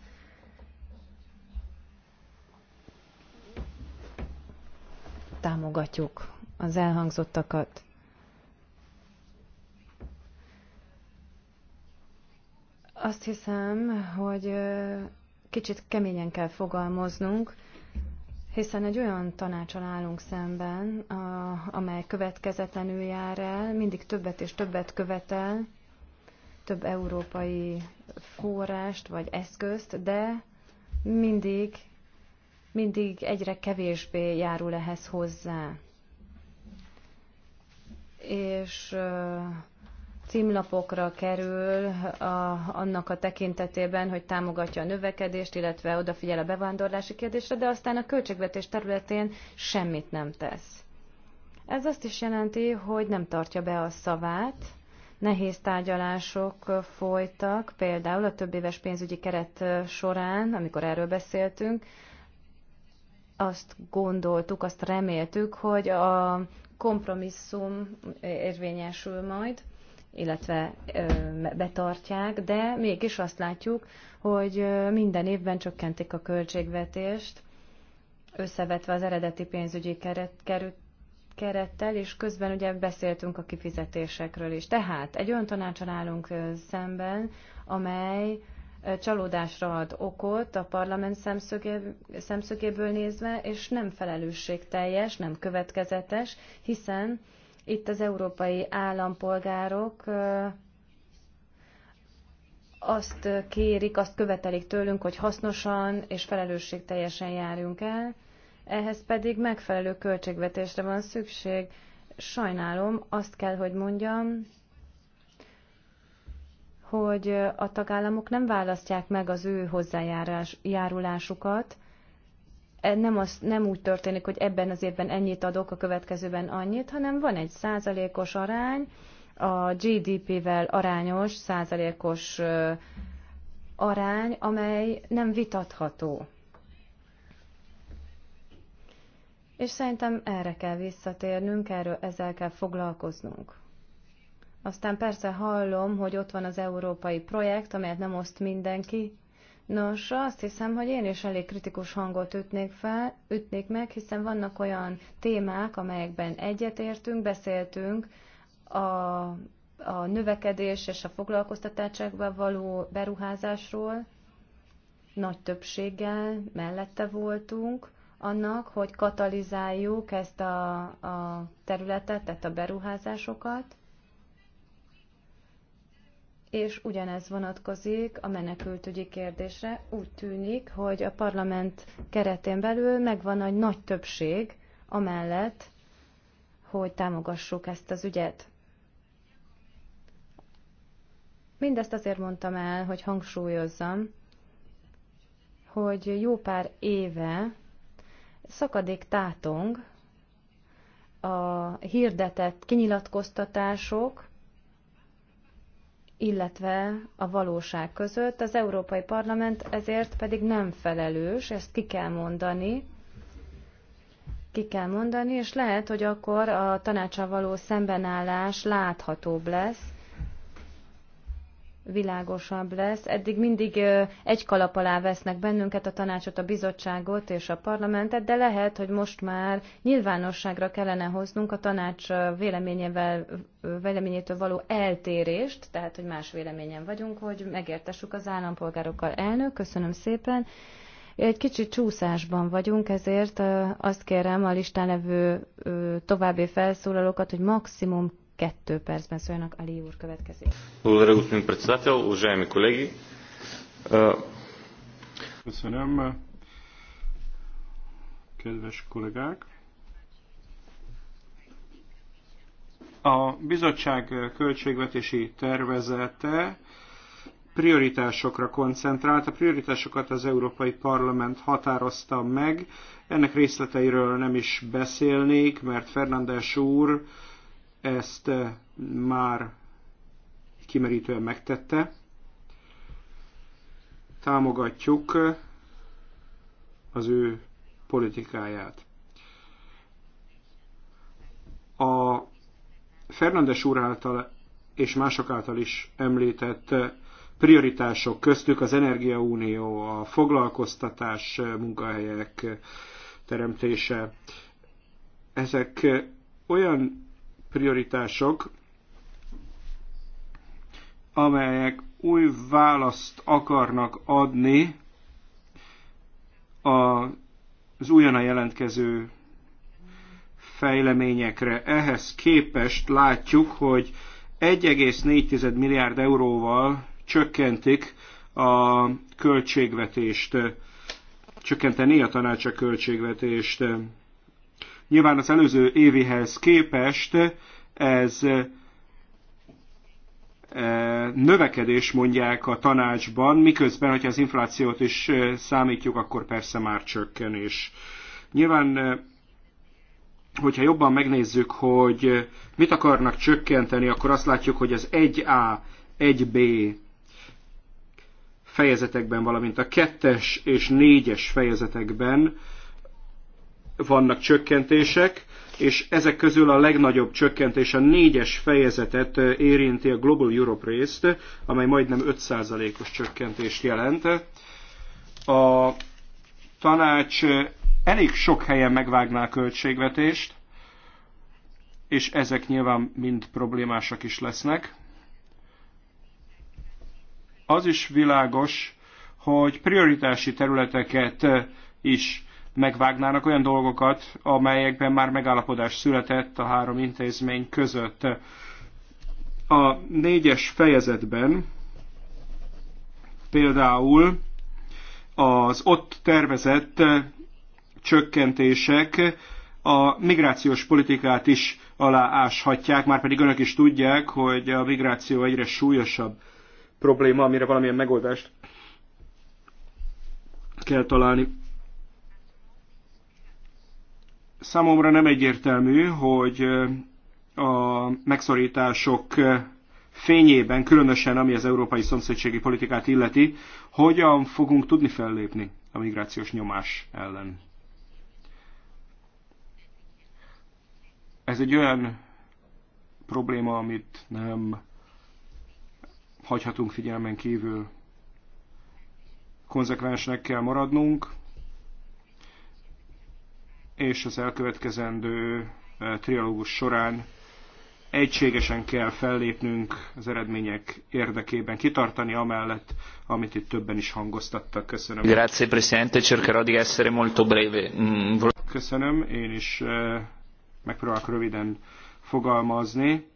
támogatjuk az elhangzottakat. Azt hiszem, hogy kicsit keményen kell fogalmaznunk, hiszen egy olyan tanácson állunk szemben, a, amely következetlenül jár el, mindig többet és többet követel, több európai forrást vagy eszközt, de mindig mindig egyre kevésbé járul ehhez hozzá. És címlapokra kerül a, annak a tekintetében, hogy támogatja a növekedést, illetve odafigyel a bevándorlási kérdésre, de aztán a költségvetés területén semmit nem tesz. Ez azt is jelenti, hogy nem tartja be a szavát, nehéz tárgyalások folytak, például a több éves pénzügyi keret során, amikor erről beszéltünk, azt gondoltuk, azt reméltük, hogy a kompromisszum érvényesül majd, illetve betartják, de mégis azt látjuk, hogy minden évben csökkentik a költségvetést, összevetve az eredeti pénzügyi keret, került kerettel, és közben ugye beszéltünk a kifizetésekről is. Tehát egy olyan tanácsal állunk szemben, amely csalódásra ad okot a parlament szemszögéből nézve, és nem felelősségteljes, nem következetes, hiszen itt az európai állampolgárok azt kérik, azt követelik tőlünk, hogy hasznosan és felelősségteljesen járjunk el, ehhez pedig megfelelő költségvetésre van szükség. Sajnálom, azt kell, hogy mondjam, hogy a tagállamok nem választják meg az ő hozzájárulásukat, e, nem, az, nem úgy történik, hogy ebben az évben ennyit adok, a következőben annyit, hanem van egy százalékos arány, a GDP-vel arányos százalékos arány, amely nem vitatható. És szerintem erre kell visszatérnünk, erről ezzel kell foglalkoznunk. Aztán persze hallom, hogy ott van az európai projekt, amelyet nem oszt mindenki. Nos, azt hiszem, hogy én is elég kritikus hangot ütnék fel, ütnék meg, hiszen vannak olyan témák, amelyekben egyetértünk, beszéltünk a, a növekedés és a foglalkoztatásokba való beruházásról. Nagy többséggel mellette voltunk annak, hogy katalizáljuk ezt a, a területet, tehát a beruházásokat és ugyanez vonatkozik a menekültügyi kérdésre. Úgy tűnik, hogy a parlament keretén belül megvan egy nagy többség amellett, hogy támogassuk ezt az ügyet. Mindezt azért mondtam el, hogy hangsúlyozzam, hogy jó pár éve szakadék tátong a hirdetett kinyilatkoztatások, illetve a valóság között. Az Európai Parlament ezért pedig nem felelős, ezt ki kell mondani, ki kell mondani, és lehet, hogy akkor a tanácsa való szembenállás láthatóbb lesz, világosabb lesz. Eddig mindig egy kalap alá vesznek bennünket, a tanácsot, a bizottságot és a parlamentet, de lehet, hogy most már nyilvánosságra kellene hoznunk a tanács véleményével, véleményétől való eltérést, tehát, hogy más véleményen vagyunk, hogy megértessük az állampolgárokkal. Elnök, köszönöm szépen. Egy kicsit csúszásban vagyunk, ezért azt kérem a listán levő további felszólalókat, hogy maximum kettő percben szóljanak. Ali úr következik. Благодаря, господин председател, уважаеми колеги. Köszönöm, kedves kollégák. A bizottság költségvetési tervezete prioritásokra koncentrált. A prioritásokat az Európai Parlament határozta meg. Ennek részleteiről nem is beszélnék, mert Fernandes úr ezt eh, már kimerítően megtette. Támogatjuk eh, az ő politikáját. A Fernandes úr által és mások által is említett eh, prioritások köztük az energiaunió, a foglalkoztatás, munkahelyek teremtése. Ezek olyan prioritások, amelyek új választ akarnak adni az újonnan jelentkező fejleményekre. Ehhez képest látjuk, hogy 1,4 milliárd euróval csökkentik a költségvetést, csökkenteni a tanács a költségvetést. Nyilván az előző évihez képest ez e, növekedés mondják a tanácsban, miközben, hogyha az inflációt is e, számítjuk, akkor persze már csökkenés. Nyilván, e, hogyha jobban megnézzük, hogy mit akarnak csökkenteni, akkor azt látjuk, hogy az 1A, 1B fejezetekben, valamint a 2-es és 4-es fejezetekben vannak csökkentések, és ezek közül a legnagyobb csökkentés a négyes fejezetet érinti a Global Europe részt, amely majdnem 5%-os csökkentést jelent. A tanács elég sok helyen megvágná a költségvetést, és ezek nyilván mind problémásak is lesznek. Az is világos, hogy prioritási területeket is megvágnának olyan dolgokat, amelyekben már megállapodás született a három intézmény között. A négyes fejezetben például az ott tervezett csökkentések a migrációs politikát is alááshatják, már pedig önök is tudják, hogy a migráció egyre súlyosabb probléma, amire valamilyen megoldást kell találni. Számomra nem egyértelmű, hogy a megszorítások fényében, különösen ami az európai szomszédségi politikát illeti, hogyan fogunk tudni fellépni a migrációs nyomás ellen. Ez egy olyan probléma, amit nem hagyhatunk figyelmen kívül. Konzekvensnek kell maradnunk, és az elkövetkezendő trialógus során egységesen kell fellépnünk az eredmények érdekében, kitartani amellett, amit itt többen is hangoztattak. Köszönöm. Grazie Presidente, cercherò di essere molto breve. Mm, Köszönöm, én is megpróbálok röviden fogalmazni,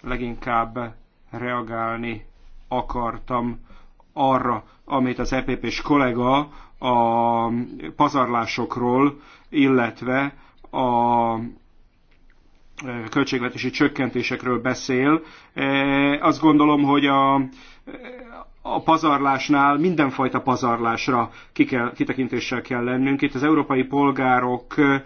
leginkább reagálni akartam arra, amit az EPP-s kollega a mm, pazarlásokról illetve a eh, költségvetési csökkentésekről beszél. Eh, azt gondolom, hogy a, a pazarlásnál mindenfajta pazarlásra ki kell, kitekintéssel kell lennünk. Itt az európai polgárok eh,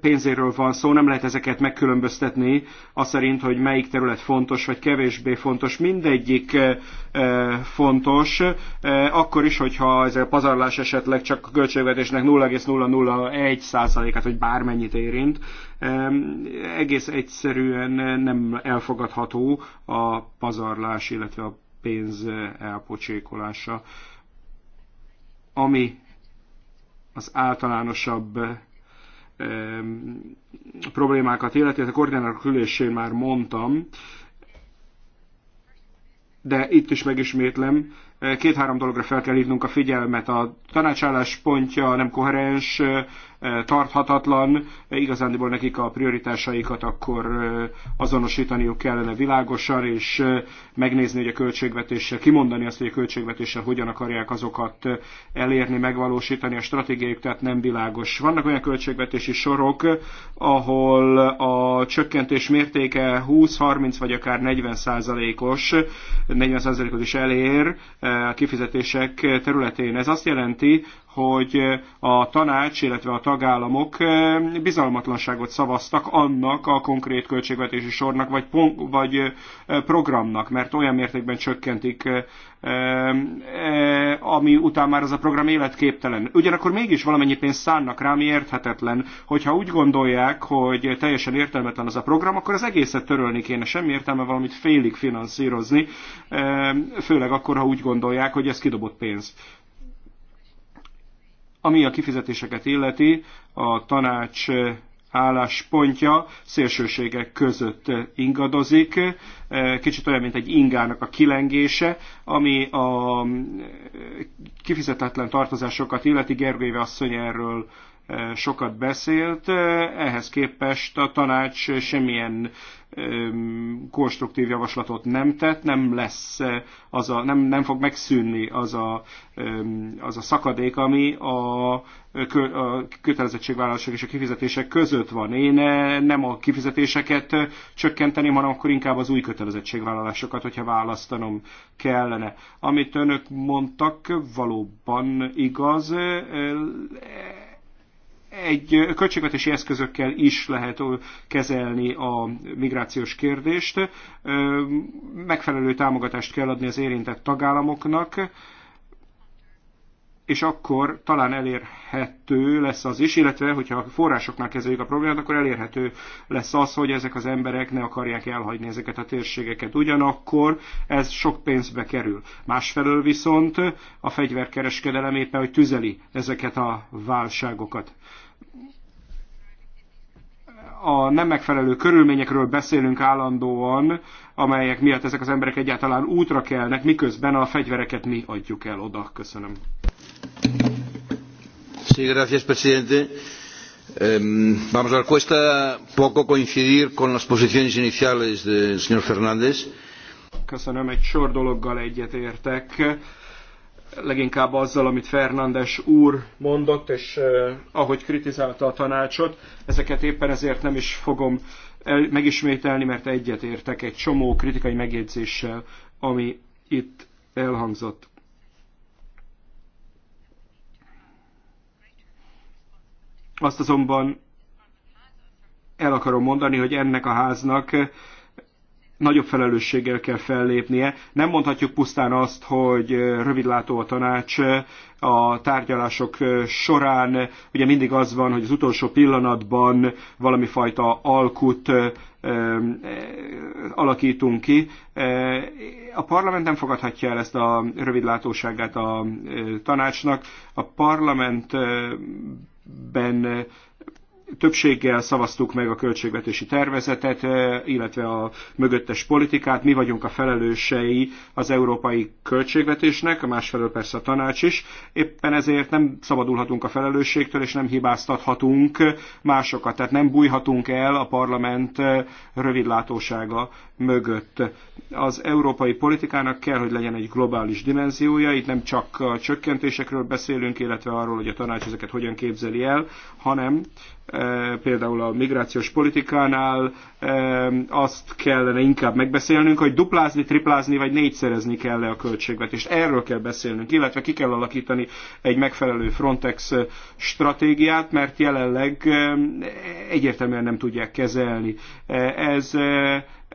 pénzéről van szó, nem lehet ezeket megkülönböztetni, azt szerint, hogy melyik terület fontos, vagy kevésbé fontos. Mindegyik eh, eh, fontos, eh, akkor is, hogyha ez a pazarlás esetleg csak a költségvetésnek 0,001%-át, vagy bármennyit érint, egész egyszerűen nem elfogadható a pazarlás, illetve a pénz elpocsékolása. Ami az általánosabb problémákat illeti, a koordinátor külésén már mondtam, de itt is megismétlem, eh, két-három dologra fel kell hívnunk a figyelmet. A pontja nem koherens, eh, tarthatatlan, igazándiból nekik a prioritásaikat akkor azonosítaniuk kellene világosan, és megnézni, hogy a költségvetéssel, kimondani azt, hogy a költségvetéssel hogyan akarják azokat elérni, megvalósítani, a stratégiájuk tehát nem világos. Vannak olyan költségvetési sorok, ahol a csökkentés mértéke 20-30 vagy akár 40 százalékos, 40 százalékot is elér a kifizetések területén. Ez azt jelenti, hogy eh, a tanács, illetve a tagállamok eh, bizalmatlanságot szavaztak annak a konkrét költségvetési sornak vagy, vagy eh, programnak, mert olyan mértékben csökkentik, ami után már ez a program életképtelen. Ugyanakkor mégis valamennyi pénzt szánnak rá, ami érthetetlen. Hogyha úgy gondolják, hogy teljesen értelmetlen az a program, akkor az egészet törölni kéne. Semmi értelme valamit félig finanszírozni, főleg akkor, ha úgy gondolják, hogy ez kidobott pénz. Ami a kifizetéseket illeti, a tanács álláspontja szélsőségek között ingadozik, kicsit olyan, mint egy ingának a kilengése, ami a kifizetetlen tartozásokat illeti Gergőjve asszony erről sokat beszélt, ehhez képest a tanács semmilyen konstruktív javaslatot nem tett, nem lesz az a, nem, nem fog megszűnni az a, az a szakadék, ami a, a kötelezettségvállalások és a kifizetések között van. Én nem a kifizetéseket csökkenteném, hanem akkor inkább az új kötelezettségvállalásokat, hogyha választanom kellene. Amit önök mondtak, valóban igaz egy költségvetési eszközökkel is lehet kezelni a migrációs kérdést. Megfelelő támogatást kell adni az érintett tagállamoknak, és akkor talán elérhető lesz az is, illetve hogyha a forrásoknál kezeljük a problémát, akkor elérhető lesz az, hogy ezek az emberek ne akarják elhagyni ezeket a térségeket. Ugyanakkor ez sok pénzbe kerül. Másfelől viszont a fegyverkereskedelem éppen, hogy tüzeli ezeket a válságokat a nem megfelelő körülményekről beszélünk állandóan, amelyek miatt ezek az emberek egyáltalán útra kelnek, miközben a fegyvereket mi adjuk el oda. Köszönöm señor presidente vamos a ver cuesta poco coincidir con las posiciones iniciales del señor fernández. köszönöm egy sor dologgal egyetértek leginkább azzal amit fernandes úr mondott és eh, ahogy kritizálta a tanácsot ezeket éppen ezért nem is fogom el, megismételni mert egyetértek egy csomó kritikai megjegyzéssel ami itt elhangzott Azt azonban el akarom mondani, hogy ennek a háznak nagyobb felelősséggel kell fellépnie. Nem mondhatjuk pusztán azt, hogy rövidlátó a tanács a tárgyalások során. Ugye mindig az van, hogy az utolsó pillanatban valami fajta alkut alakítunk ki. A parlament nem fogadhatja el ezt a rövidlátóságát a tanácsnak. A parlament benne többséggel szavaztuk meg a költségvetési tervezetet, eh, illetve a mögöttes politikát. Mi vagyunk a felelősei az európai költségvetésnek, a másfelől persze a tanács is. Éppen ezért nem szabadulhatunk a felelősségtől, és nem hibáztathatunk másokat. Tehát nem bújhatunk el a parlament eh, rövidlátósága mögött. Az európai politikának kell, hogy legyen egy globális dimenziója. Itt nem csak a csökkentésekről beszélünk, illetve arról, hogy a tanács ezeket hogyan képzeli el, hanem Eh, például a migrációs politikánál eh, azt kellene inkább megbeszélnünk, hogy duplázni, triplázni vagy négyszerezni kell -e a költségvetést. Erről kell beszélnünk, illetve ki kell alakítani egy megfelelő Frontex eh, stratégiát, mert jelenleg egyértelműen nem tudják kezelni. Ez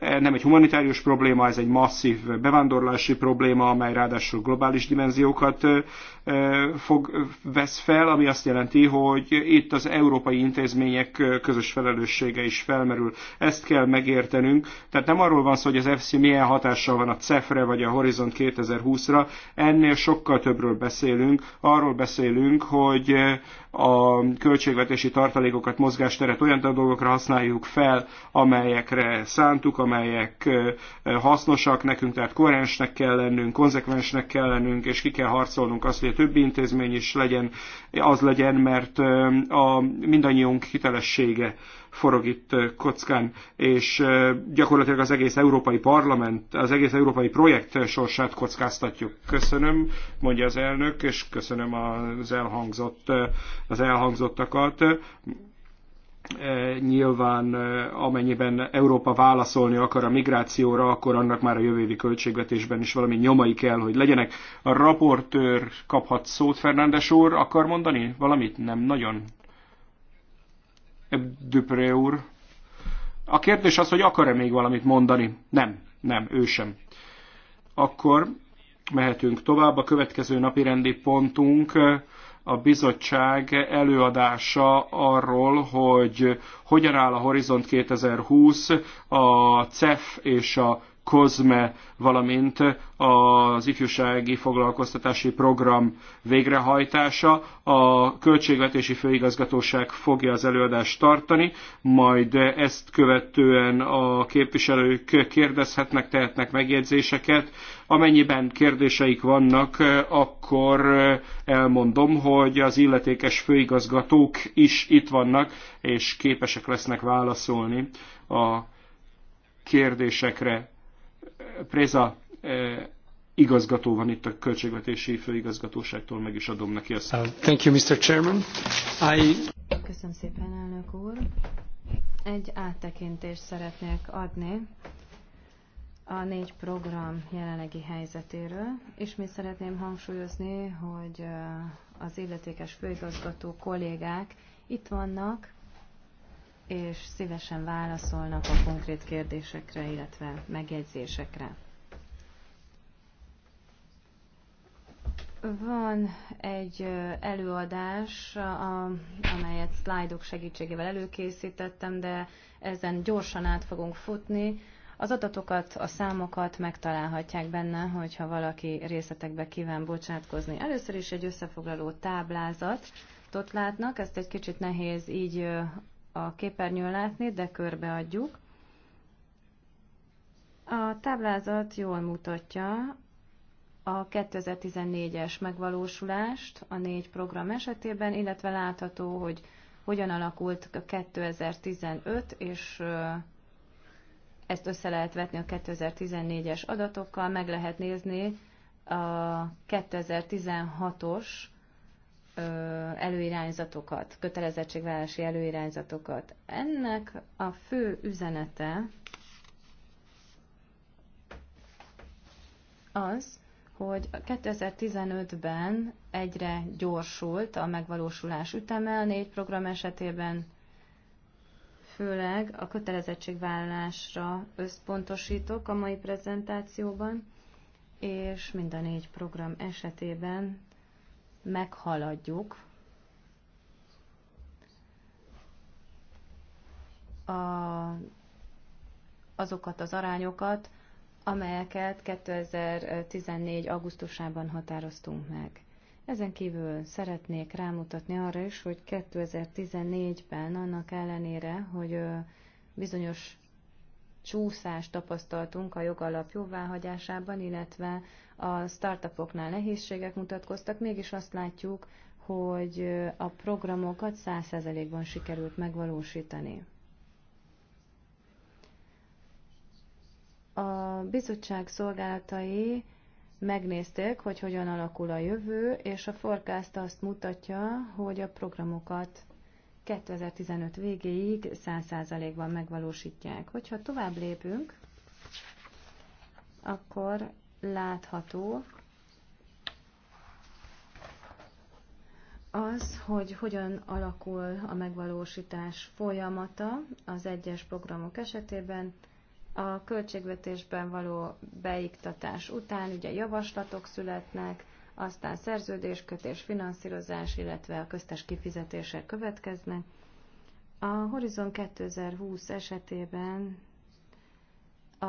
nem egy humanitárius probléma, ez egy masszív bevándorlási probléma, amely ráadásul globális dimenziókat fog, vesz fel, ami azt jelenti, hogy itt az európai intézmények közös felelőssége is felmerül. Ezt kell megértenünk. Tehát nem arról van szó, hogy az FC milyen hatással van a CEF-re vagy a Horizon 2020-ra, ennél sokkal többről beszélünk. Arról beszélünk, hogy a költségvetési tartalékokat, mozgásteret olyan dolgokra használjuk fel, amelyekre szántuk, amelyek hasznosak nekünk, tehát koherensnek kell lennünk, konzekvensnek kell lennünk, és ki kell harcolnunk azt, hogy a többi intézmény is legyen, az legyen, mert a mindannyiunk hitelessége forog itt kockán, és gyakorlatilag az egész Európai Parlament, az egész Európai Projekt sorsát kockáztatjuk. Köszönöm, mondja az elnök, és köszönöm az, elhangzott, az elhangzottakat nyilván amennyiben Európa válaszolni akar a migrációra, akkor annak már a jövővi költségvetésben is valami nyomai kell, hogy legyenek. A raportőr kaphat szót, Fernándes úr, akar mondani valamit? Nem nagyon. Dupré úr. A kérdés az, hogy akar-e még valamit mondani? Nem, nem, ő sem. Akkor mehetünk tovább. A következő napi rendi pontunk a bizottság előadása arról, hogy hogyan áll a Horizont 2020, a CEF és a COSME, valamint az ifjúsági foglalkoztatási program végrehajtása. A Költségvetési Főigazgatóság fogja az előadást tartani, majd ezt követően a képviselők kérdezhetnek, tehetnek megjegyzéseket. Amennyiben kérdéseik vannak, akkor elmondom, hogy az illetékes főigazgatók is itt vannak, és képesek lesznek válaszolni a kérdésekre Préza eh, igazgató van itt a költségvetési főigazgatóságtól, meg is adom neki azt. Uh, thank you, Mr. Chairman. I... Köszönöm szépen, elnök úr. Egy áttekintést szeretnék adni a négy program jelenlegi helyzetéről. Ismét szeretném hangsúlyozni, hogy eh, az illetékes főigazgató kollégák itt vannak, és szívesen válaszolnak a konkrét kérdésekre, illetve megjegyzésekre. Van egy előadás, amelyet szlájdok segítségével előkészítettem, de ezen gyorsan át fogunk futni. Az adatokat, a számokat megtalálhatják benne, hogyha valaki részletekbe kíván bocsátkozni. Először is egy összefoglaló Ott látnak, ezt egy kicsit nehéz így a képernyőn látni, de körbeadjuk. A táblázat jól mutatja a 2014-es megvalósulást a négy program esetében, illetve látható, hogy hogyan alakult a 2015, és ezt össze lehet vetni a 2014-es adatokkal, meg lehet nézni a 2016-os előirányzatokat, kötelezettségvállási előirányzatokat. Ennek a fő üzenete az, hogy 2015-ben egyre gyorsult a megvalósulás üteme a négy program esetében, főleg a kötelezettségvállalásra összpontosítok a mai prezentációban, és mind a négy program esetében meghaladjuk a, azokat az arányokat, amelyeket 2014. augusztusában határoztunk meg. Ezen kívül szeretnék rámutatni arra is, hogy 2014-ben annak ellenére, hogy bizonyos csúszást tapasztaltunk a jogalap jóváhagyásában, illetve a startupoknál nehézségek mutatkoztak, mégis azt látjuk, hogy a programokat 100%-ban sikerült megvalósítani. A bizottság szolgálatai megnézték, hogy hogyan alakul a jövő, és a forecast azt mutatja, hogy a programokat 2015 végéig 100%-ban megvalósítják. Hogyha tovább lépünk, akkor látható az, hogy hogyan alakul a megvalósítás folyamata az egyes programok esetében, a költségvetésben való beiktatás után ugye javaslatok születnek, aztán szerződéskötés, finanszírozás, illetve a köztes kifizetések következnek. A Horizon 2020 esetében a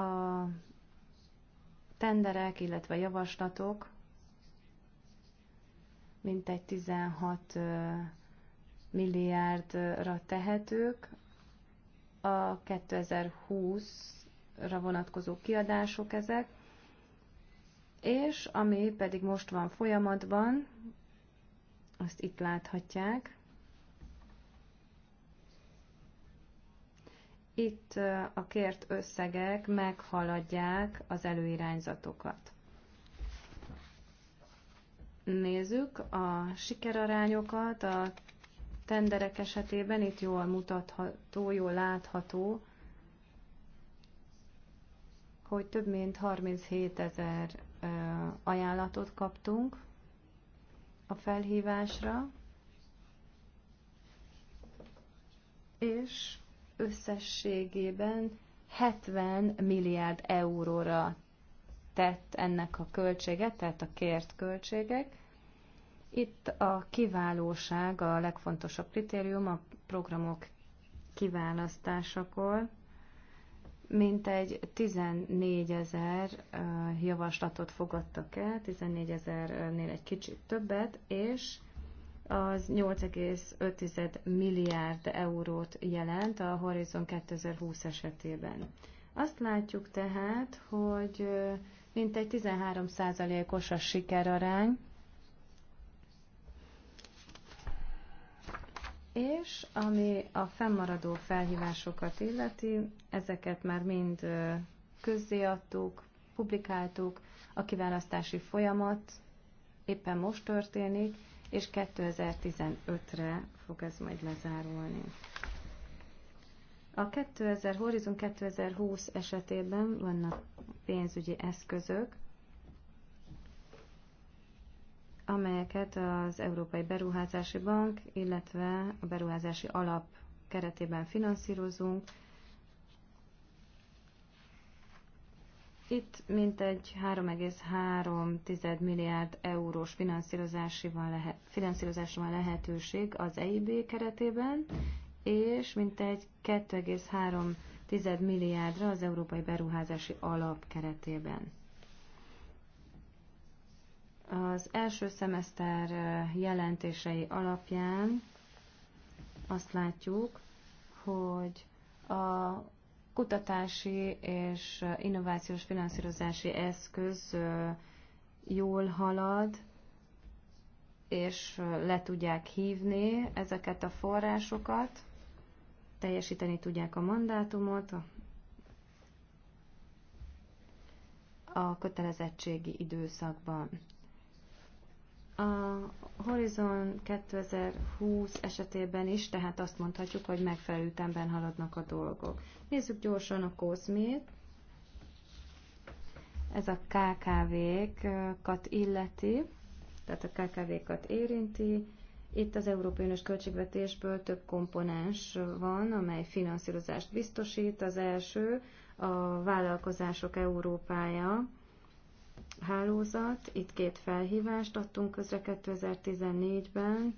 tenderek, illetve javaslatok mintegy 16 milliárdra tehetők. A 2020-ra vonatkozó kiadások ezek, és ami pedig most van folyamatban, azt itt láthatják, itt a kért összegek meghaladják az előirányzatokat. Nézzük a sikerarányokat a tenderek esetében, itt jól mutatható, jól látható, hogy több mint 37 ezer ajánlatot kaptunk a felhívásra, és összességében 70 milliárd euróra tett ennek a költséget, tehát a kért költségek. Itt a kiválóság a legfontosabb kritérium a programok kiválasztásakor. Mintegy 14 ezer javaslatot fogadtak el, 14 ezernél egy kicsit többet, és az 8,5 milliárd eurót jelent a Horizon 2020 esetében. Azt látjuk tehát, hogy mintegy 13%-os a sikerarány, És ami a fennmaradó felhívásokat illeti, ezeket már mind közzéadtuk, publikáltuk, a kiválasztási folyamat éppen most történik, és 2015-re fog ez majd lezárulni. A 2000 Horizon 2020 esetében vannak pénzügyi eszközök, amelyeket az Európai Beruházási Bank, illetve a Beruházási Alap keretében finanszírozunk. Itt mintegy 3,3 milliárd eurós finanszírozási van, lehet, finanszírozásra van lehetőség az EIB keretében, és mintegy 2,3 milliárdra az Európai Beruházási Alap keretében. Az első szemeszter jelentései alapján azt látjuk, hogy a kutatási és innovációs finanszírozási eszköz jól halad, és le tudják hívni ezeket a forrásokat, teljesíteni tudják a mandátumot, a kötelezettségi időszakban. A Horizon 2020 esetében is, tehát azt mondhatjuk, hogy megfelelő ütemben haladnak a dolgok. Nézzük gyorsan a kozmét. Ez a KKV-kat illeti, tehát a KKV-kat érinti. Itt az Európai Uniós költségvetésből több komponens van, amely finanszírozást biztosít. Az első a vállalkozások Európája, hálózat. Itt két felhívást adtunk közre 2014-ben.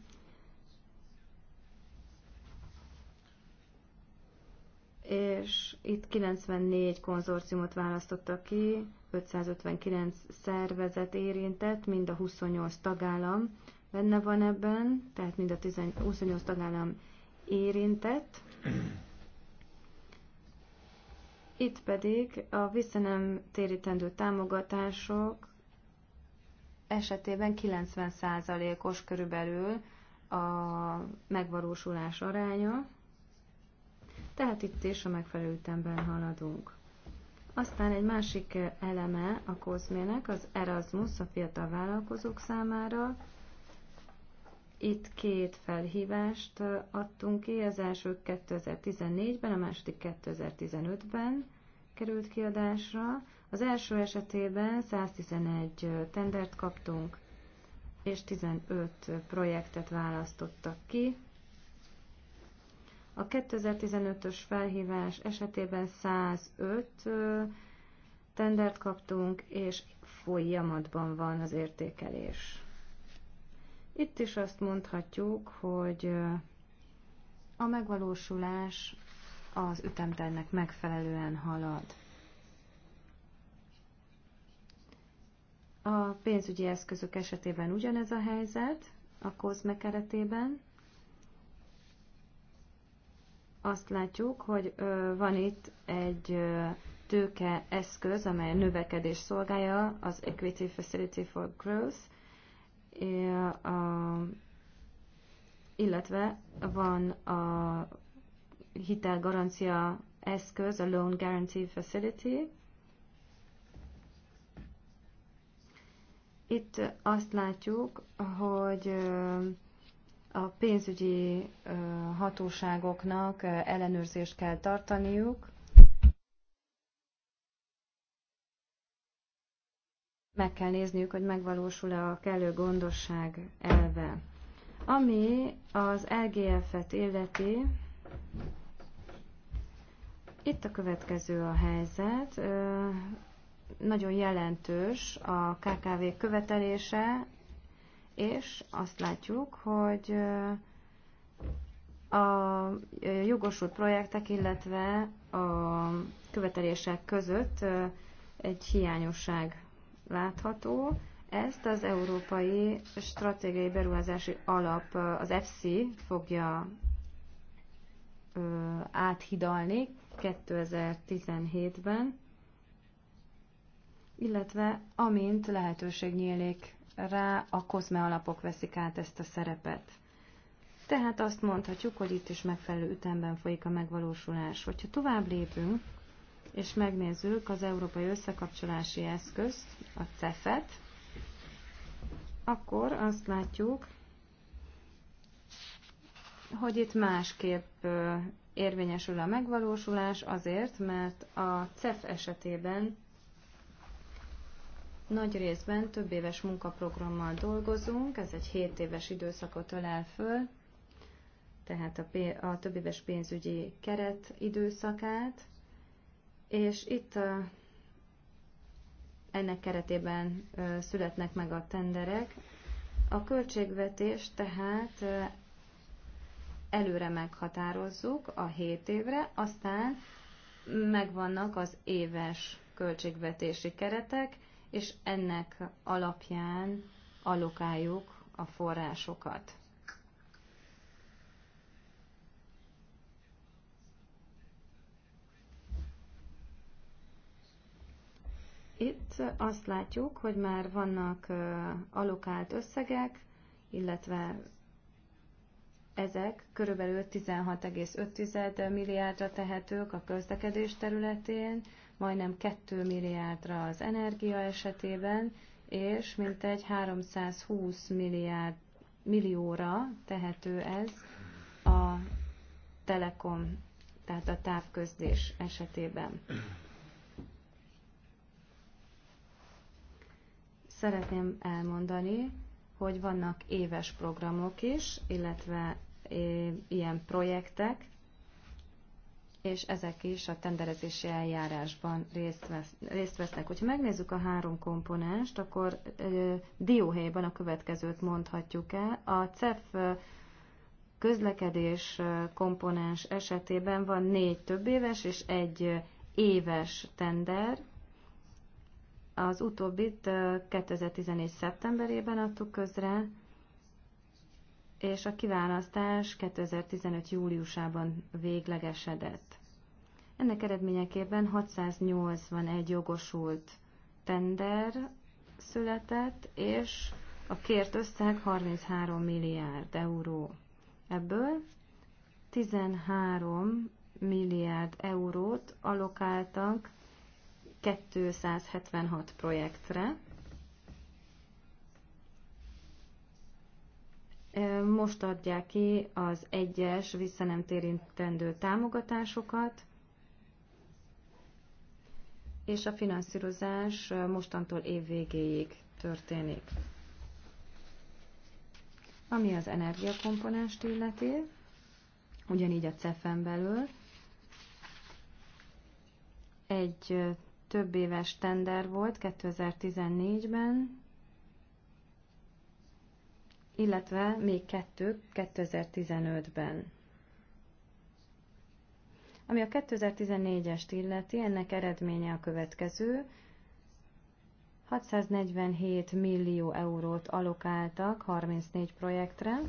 és itt 94 konzorciumot választottak ki, 559 szervezet érintett, mind a 28 tagállam benne van ebben, tehát mind a 28 tagállam érintett. Itt pedig a visszanem térítendő támogatások esetében 90%-os körülbelül a megvalósulás aránya, tehát itt is a megfelelő ütemben haladunk. Aztán egy másik eleme a kozmének az Erasmus a fiatal vállalkozók számára, itt két felhívást adtunk ki, az első 2014-ben, a második 2015-ben került kiadásra. Az első esetében 111 tendert kaptunk, és 15 projektet választottak ki. A 2015-ös felhívás esetében 105 tendert kaptunk, és folyamatban van az értékelés. Itt is azt mondhatjuk, hogy a megvalósulás az ütemtervnek megfelelően halad. A pénzügyi eszközök esetében ugyanez a helyzet, a kozme keretében. Azt látjuk, hogy van itt egy tőke eszköz, amely növekedés szolgálja, az Equity Facility for Growth, a, illetve van a hitelgarancia eszköz, a Loan Guarantee Facility. Itt azt látjuk, hogy a pénzügyi hatóságoknak ellenőrzést kell tartaniuk, meg kell nézniük, hogy megvalósul-e a kellő gondosság elve. Ami az LGF-et illeti, itt a következő a helyzet. Nagyon jelentős a KKV követelése, és azt látjuk, hogy a jogosult projektek, illetve a követelések között egy hiányosság látható. Ezt az Európai Stratégiai Beruházási Alap, az FC fogja áthidalni 2017-ben, illetve amint lehetőség nyílik rá, a kozme alapok veszik át ezt a szerepet. Tehát azt mondhatjuk, hogy itt is megfelelő ütemben folyik a megvalósulás. Hogyha tovább lépünk, és megnézzük az Európai Összekapcsolási Eszközt, a CEFET, akkor azt látjuk, hogy itt másképp érvényesül a megvalósulás, azért, mert a CEF esetében nagy részben több éves munkaprogrammal dolgozunk, ez egy 7 éves időszakot ölel föl, tehát a, a több éves pénzügyi keret időszakát, és itt ennek keretében születnek meg a tenderek. A költségvetés tehát előre meghatározzuk a 7 évre, aztán megvannak az éves költségvetési keretek, és ennek alapján alokáljuk a forrásokat. Itt azt látjuk, hogy már vannak alokált összegek, illetve ezek körülbelül 16,5 milliárdra tehetők a közlekedés területén, majdnem 2 milliárdra az energia esetében, és mintegy 320 milliárd, millióra tehető ez a telekom, tehát a távközlés esetében. Szeretném elmondani, hogy vannak éves programok is, illetve ilyen projektek, és ezek is a tenderezési eljárásban részt, vesz, részt vesznek. Hogyha megnézzük a három komponást, akkor ö, dióhelyben a következőt mondhatjuk el. A CEF közlekedés komponens esetében van négy többéves és egy éves tender, az utóbbit 2014. szeptemberében adtuk közre, és a kiválasztás 2015. júliusában véglegesedett. Ennek eredményeképpen 681 jogosult tender született, és a kért összeg 33 milliárd euró. Ebből 13 milliárd eurót alokáltak 276 projektre. Most adják ki az egyes visszanemtérintendő támogatásokat, és a finanszírozás mostantól év végéig történik. Ami az energiakomponást illeti, ugyanígy a CEFEN belül, egy több éves tender volt 2014-ben, illetve még kettő 2015-ben. Ami a 2014-est illeti, ennek eredménye a következő. 647 millió eurót alokáltak 34 projektre.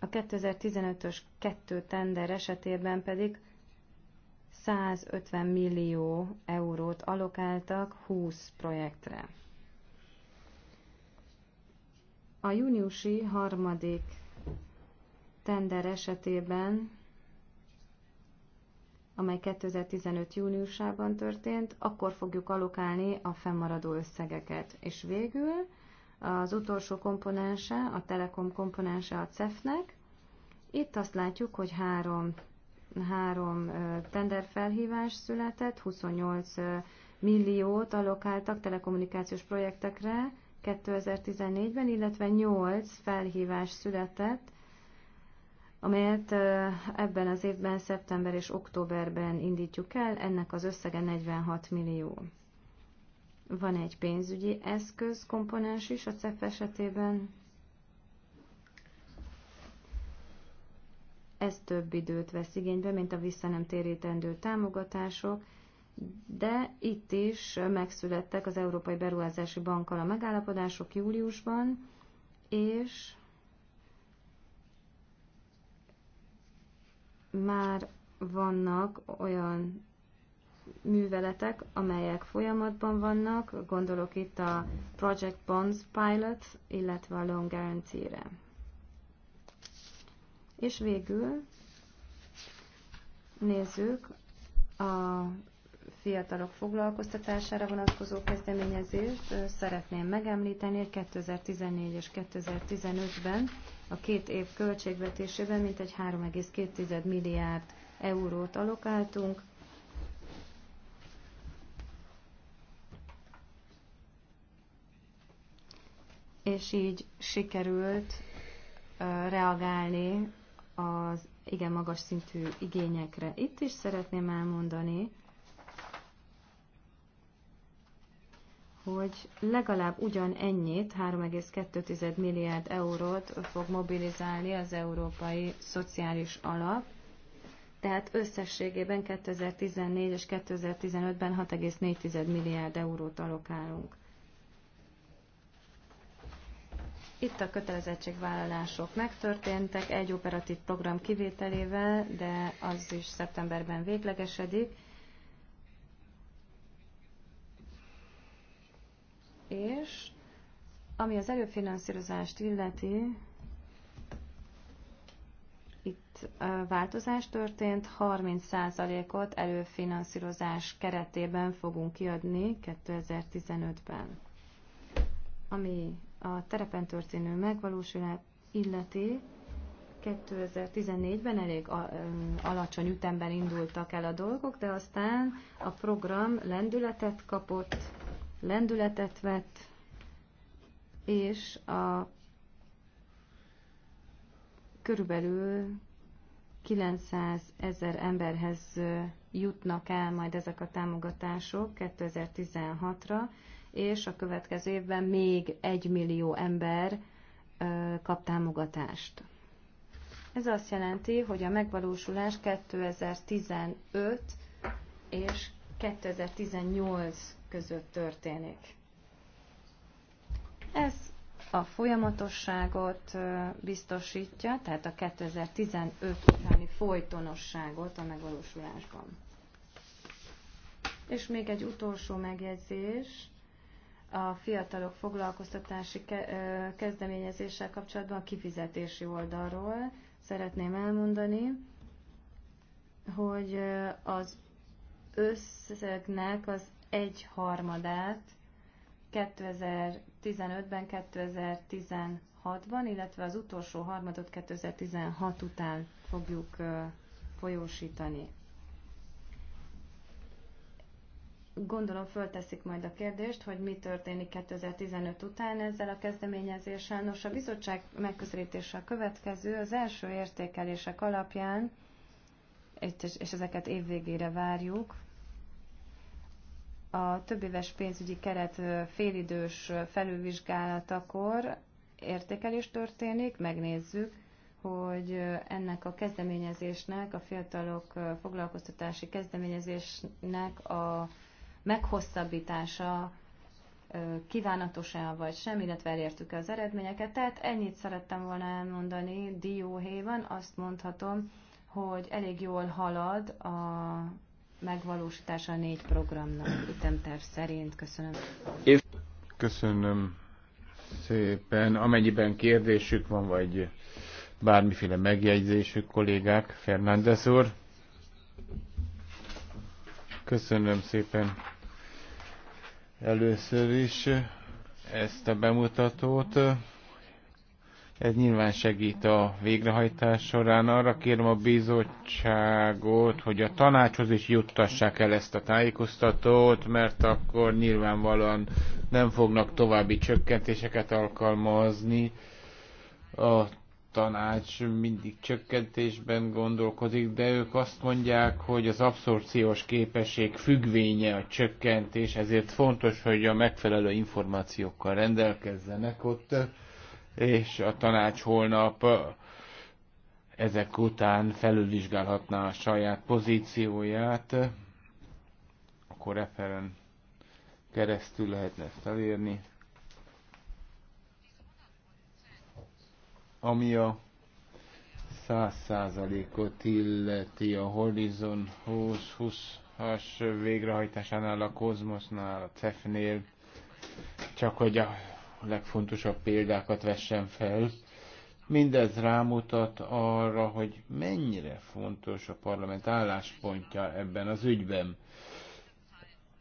A 2015-ös kettő tender esetében pedig 150 millió eurót alokáltak 20 projektre. A júniusi harmadik tender esetében, amely 2015 júniusában történt, akkor fogjuk alokálni a fennmaradó összegeket. És végül az utolsó komponense, a Telekom komponense a CEF-nek. Itt azt látjuk, hogy három három tenderfelhívás született, 28 milliót alokáltak telekommunikációs projektekre 2014-ben, illetve 8 felhívás született, amelyet ebben az évben, szeptember és októberben indítjuk el, ennek az összege 46 millió. Van egy pénzügyi eszköz komponens is a CEF esetében, ez több időt vesz igénybe, mint a vissza nem térítendő támogatások, de itt is megszülettek az Európai Beruházási Bankkal a megállapodások júliusban, és már vannak olyan műveletek, amelyek folyamatban vannak, gondolok itt a Project Bonds Pilot, illetve a Loan Guarantee-re. És végül nézzük a fiatalok foglalkoztatására vonatkozó kezdeményezést. Szeretném megemlíteni, hogy 2014 és 2015-ben a két év költségvetésében mintegy 3,2 milliárd eurót alokáltunk, és így sikerült reagálni az igen magas szintű igényekre. Itt is szeretném elmondani, hogy legalább ugyan ennyit, 3,2 milliárd eurót fog mobilizálni az Európai Szociális Alap, tehát összességében 2014 és 2015-ben 6,4 milliárd eurót alokálunk. Itt a kötelezettségvállalások megtörténtek egy operatív program kivételével, de az is szeptemberben véglegesedik. És ami az előfinanszírozást illeti, itt változás történt, 30%-ot előfinanszírozás keretében fogunk kiadni 2015-ben. Ami a terepen történő megvalósulás illeti, 2014-ben elég alacsony ütemben indultak el a dolgok, de aztán a program lendületet kapott, lendületet vett, és a körülbelül 900 ezer emberhez jutnak el majd ezek a támogatások 2016-ra, és a következő évben még egy millió ember kap támogatást. Ez azt jelenti, hogy a megvalósulás 2015 és 2018 között történik. Ez a folyamatosságot biztosítja, tehát a 2015 utáni folytonosságot a megvalósulásban. És még egy utolsó megjegyzés a fiatalok foglalkoztatási kezdeményezéssel kapcsolatban a kifizetési oldalról szeretném elmondani, hogy az összegnek az egy harmadát 2015-ben, 2016-ban, illetve az utolsó harmadot 2016 után fogjuk folyósítani. gondolom fölteszik majd a kérdést, hogy mi történik 2015 után ezzel a kezdeményezéssel. Nos, a bizottság megközelítése a következő. Az első értékelések alapján, és ezeket évvégére várjuk, a éves pénzügyi keret félidős felülvizsgálatakor értékelés történik, megnézzük, hogy ennek a kezdeményezésnek, a fiatalok foglalkoztatási kezdeményezésnek a meghosszabbítása kívánatos-e vagy sem, illetve elértük-e az eredményeket. Tehát ennyit szerettem volna elmondani dióhéjban. Azt mondhatom, hogy elég jól halad a megvalósítása a négy programnak ütemterv szerint. Köszönöm. Köszönöm szépen. Amennyiben kérdésük van, vagy bármiféle megjegyzésük, kollégák, Fernández úr. Köszönöm szépen. Először is ezt a bemutatót. Ez nyilván segít a végrehajtás során. Arra kérem a bizottságot, hogy a tanácshoz is juttassák el ezt a tájékoztatót, mert akkor nyilvánvalóan nem fognak további csökkentéseket alkalmazni a tanács mindig csökkentésben gondolkozik, de ők azt mondják, hogy az abszorciós képesség függvénye a csökkentés, ezért fontos, hogy a megfelelő információkkal rendelkezzenek ott, és a tanács holnap ezek után felülvizsgálhatná a saját pozícióját, akkor referen keresztül lehetne ezt elérni. Ami a száz százalékot illeti a Horizon 20-20-as végrehajtásánál, a Kozmosnál, a CEF-nél, csak hogy a legfontosabb példákat vessen fel. Mindez rámutat arra, hogy mennyire fontos a parlament álláspontja ebben az ügyben.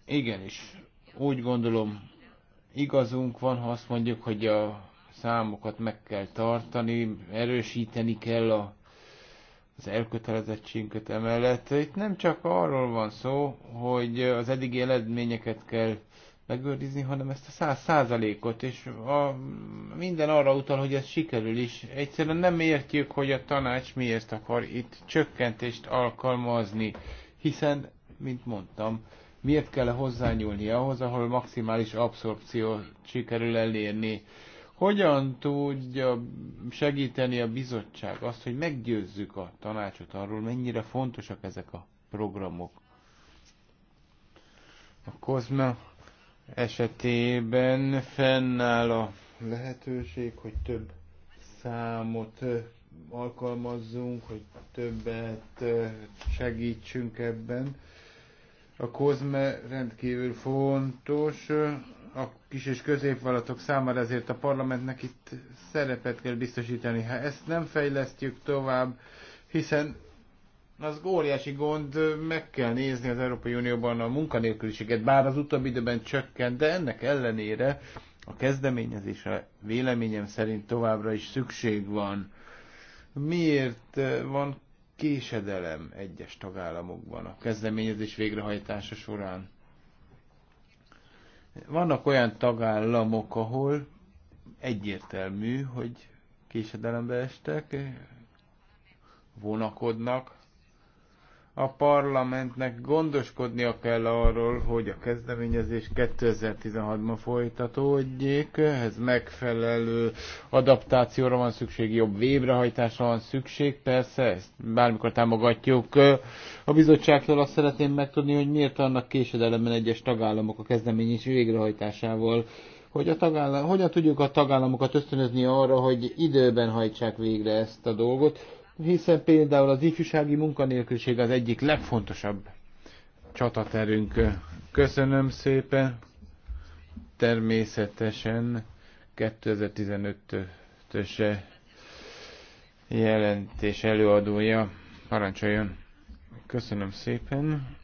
Igenis, úgy gondolom, igazunk van, ha azt mondjuk, hogy a számokat meg kell tartani, erősíteni kell a, az elkötelezettségünket emellett. Itt nem csak arról van szó, hogy az eddigi eredményeket kell megőrizni, hanem ezt a száz százalékot, és a, minden arra utal, hogy ez sikerül is. Egyszerűen nem értjük, hogy a tanács miért akar itt csökkentést alkalmazni, hiszen, mint mondtam, miért kell hozzányúlni ahhoz, ahol maximális abszorpciót sikerül elérni. Hogyan tudja segíteni a bizottság azt, hogy meggyőzzük a tanácsot arról, mennyire fontosak ezek a programok? A Kozma esetében fennáll a lehetőség, hogy több számot alkalmazzunk, hogy többet segítsünk ebben. A kozme rendkívül fontos, a kis és középvállalatok számára, ezért a parlamentnek itt szerepet kell biztosítani. Ha ezt nem fejlesztjük tovább, hiszen az óriási gond, meg kell nézni az Európai Unióban a munkanélküliséget, bár az utóbbi időben csökkent, de ennek ellenére a kezdeményezésre véleményem szerint továbbra is szükség van. Miért van késedelem egyes tagállamokban a kezdeményezés végrehajtása során? Vannak olyan tagállamok, ahol egyértelmű, hogy késedelembe estek, vonakodnak, a parlamentnek gondoskodnia kell arról, hogy a kezdeményezés 2016-ban folytatódjék, ehhez megfelelő adaptációra van szükség, jobb vébrehajtásra van szükség, persze ezt bármikor támogatjuk. A bizottságtól azt szeretném megtudni, hogy miért annak késedelemben egyes tagállamok a kezdeményezés végrehajtásával, hogy a tagállam, hogyan tudjuk a tagállamokat ösztönözni arra, hogy időben hajtsák végre ezt a dolgot, hiszen például az ifjúsági munkanélküliség az egyik legfontosabb csataterünk. Köszönöm szépen. Természetesen 2015-ös jelentés előadója. Parancsoljon. Köszönöm szépen.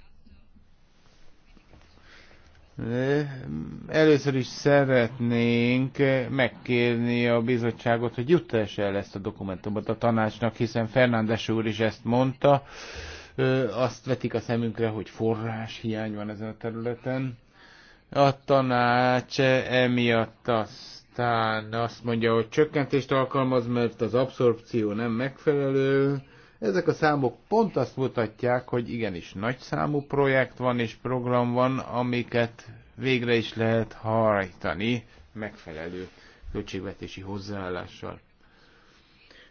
Először is szeretnénk megkérni a bizottságot, hogy juttass el ezt a dokumentumot a tanácsnak, hiszen Fernándes úr is ezt mondta, azt vetik a szemünkre, hogy forrás hiány van ezen a területen. A tanács emiatt aztán azt mondja, hogy csökkentést alkalmaz, mert az abszorpció nem megfelelő, ezek a számok pont azt mutatják, hogy igenis nagy számú projekt van és program van, amiket végre is lehet hajtani megfelelő költségvetési hozzáállással.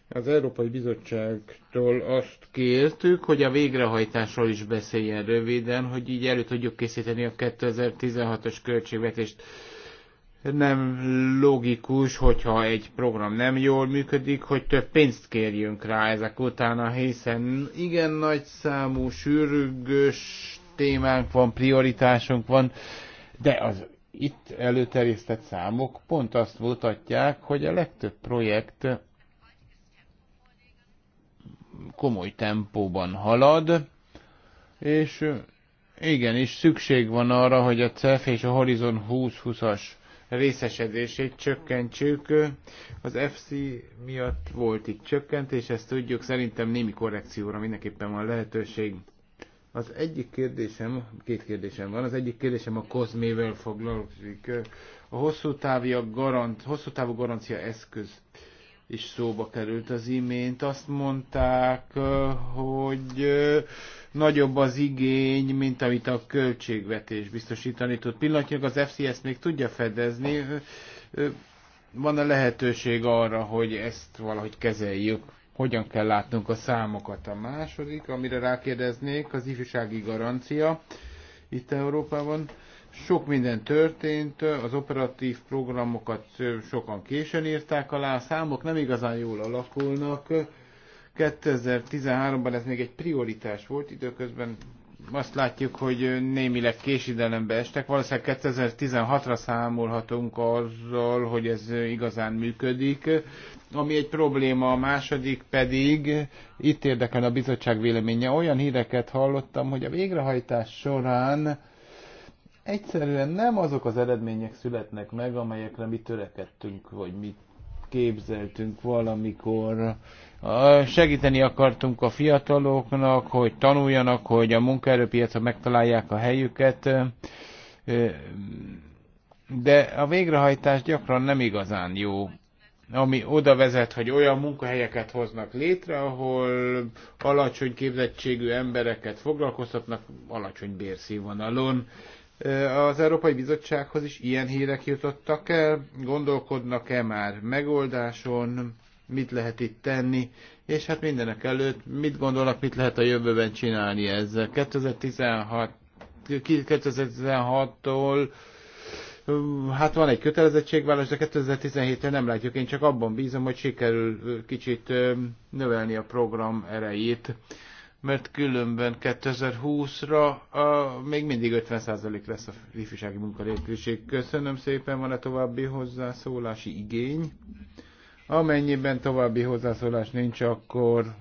Az Európai Bizottságtól azt kértük, hogy a végrehajtásról is beszéljen röviden, hogy így elő tudjuk készíteni a 2016-os költségvetést nem logikus, hogyha egy program nem jól működik, hogy több pénzt kérjünk rá ezek utána, hiszen igen nagy számú sürgős témánk van, prioritásunk van, de az itt előterjesztett számok pont azt mutatják, hogy a legtöbb projekt komoly tempóban halad, és igenis szükség van arra, hogy a CEF és a Horizon 2020-as részesedését csökkentsük. Az FC miatt volt itt csökkentés, ezt tudjuk, szerintem némi korrekcióra mindenképpen van lehetőség. Az egyik kérdésem, két kérdésem van, az egyik kérdésem a Kozmével foglalkozik. A hosszú, garant, hosszú távú garancia eszköz is szóba került az imént. Azt mondták, hogy nagyobb az igény, mint amit a költségvetés biztosítani tud. Pillanatnyilag az FCS még tudja fedezni, van-e lehetőség arra, hogy ezt valahogy kezeljük? Hogyan kell látnunk a számokat? A második, amire rákérdeznék, az ifjúsági garancia itt Európában. Sok minden történt, az operatív programokat sokan későn írták alá, a számok nem igazán jól alakulnak 2013-ban ez még egy prioritás volt, időközben azt látjuk, hogy némileg késidelembe estek. Valószínűleg 2016-ra számolhatunk azzal, hogy ez igazán működik. Ami egy probléma, a második pedig, itt érdekel a bizottság véleménye, olyan híreket hallottam, hogy a végrehajtás során egyszerűen nem azok az eredmények születnek meg, amelyekre mi törekedtünk, vagy mi képzeltünk valamikor Segíteni akartunk a fiataloknak, hogy tanuljanak, hogy a munkaerőpiacon megtalálják a helyüket, de a végrehajtás gyakran nem igazán jó ami oda vezet, hogy olyan munkahelyeket hoznak létre, ahol alacsony képzettségű embereket foglalkoztatnak alacsony bérszínvonalon. Az Európai Bizottsághoz is ilyen hírek jutottak el, gondolkodnak-e már megoldáson, mit lehet itt tenni, és hát mindenek előtt mit gondolnak, mit lehet a jövőben csinálni ezzel. 2016, 2016-tól hát van egy kötelezettségvállalás, de 2017-re nem látjuk. Én csak abban bízom, hogy sikerül kicsit növelni a program erejét, mert különben 2020-ra még mindig 50% lesz a ifjúsági munkanélküliség. Köszönöm szépen, van-e további hozzászólási igény? Amennyiben további hozzászólás nincs, akkor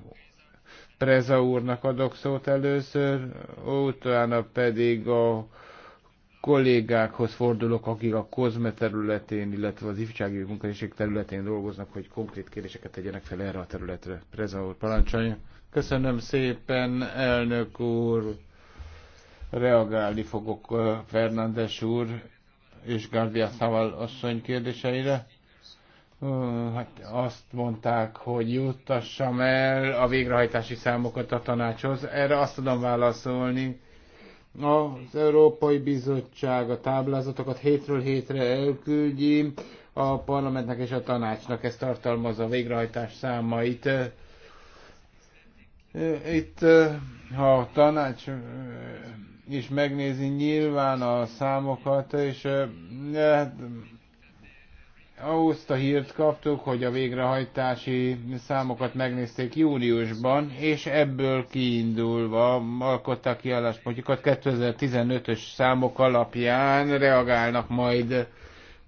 Preza úrnak adok szót először, utána pedig a kollégákhoz fordulok, akik a kozme területén, illetve az ifjúsági munkahelység területén dolgoznak, hogy konkrét kérdéseket tegyenek fel erre a területre. Preza úr, parancsolja. Köszönöm szépen, elnök úr. Reagálni fogok eh, Fernandes úr és Gárdia Szával asszony kérdéseire hát azt mondták, hogy juttassam el a végrehajtási számokat a tanácshoz. Erre azt tudom válaszolni. Az Európai Bizottság a táblázatokat hétről hétre elküldi a parlamentnek és a tanácsnak. Ez tartalmazza a végrehajtás számait. Itt, ha a tanács is megnézi nyilván a számokat, és hát, ahhoz a hírt kaptuk, hogy a végrehajtási számokat megnézték júniusban, és ebből kiindulva alkottak ki álláspontjukat. 2015-ös számok alapján reagálnak majd.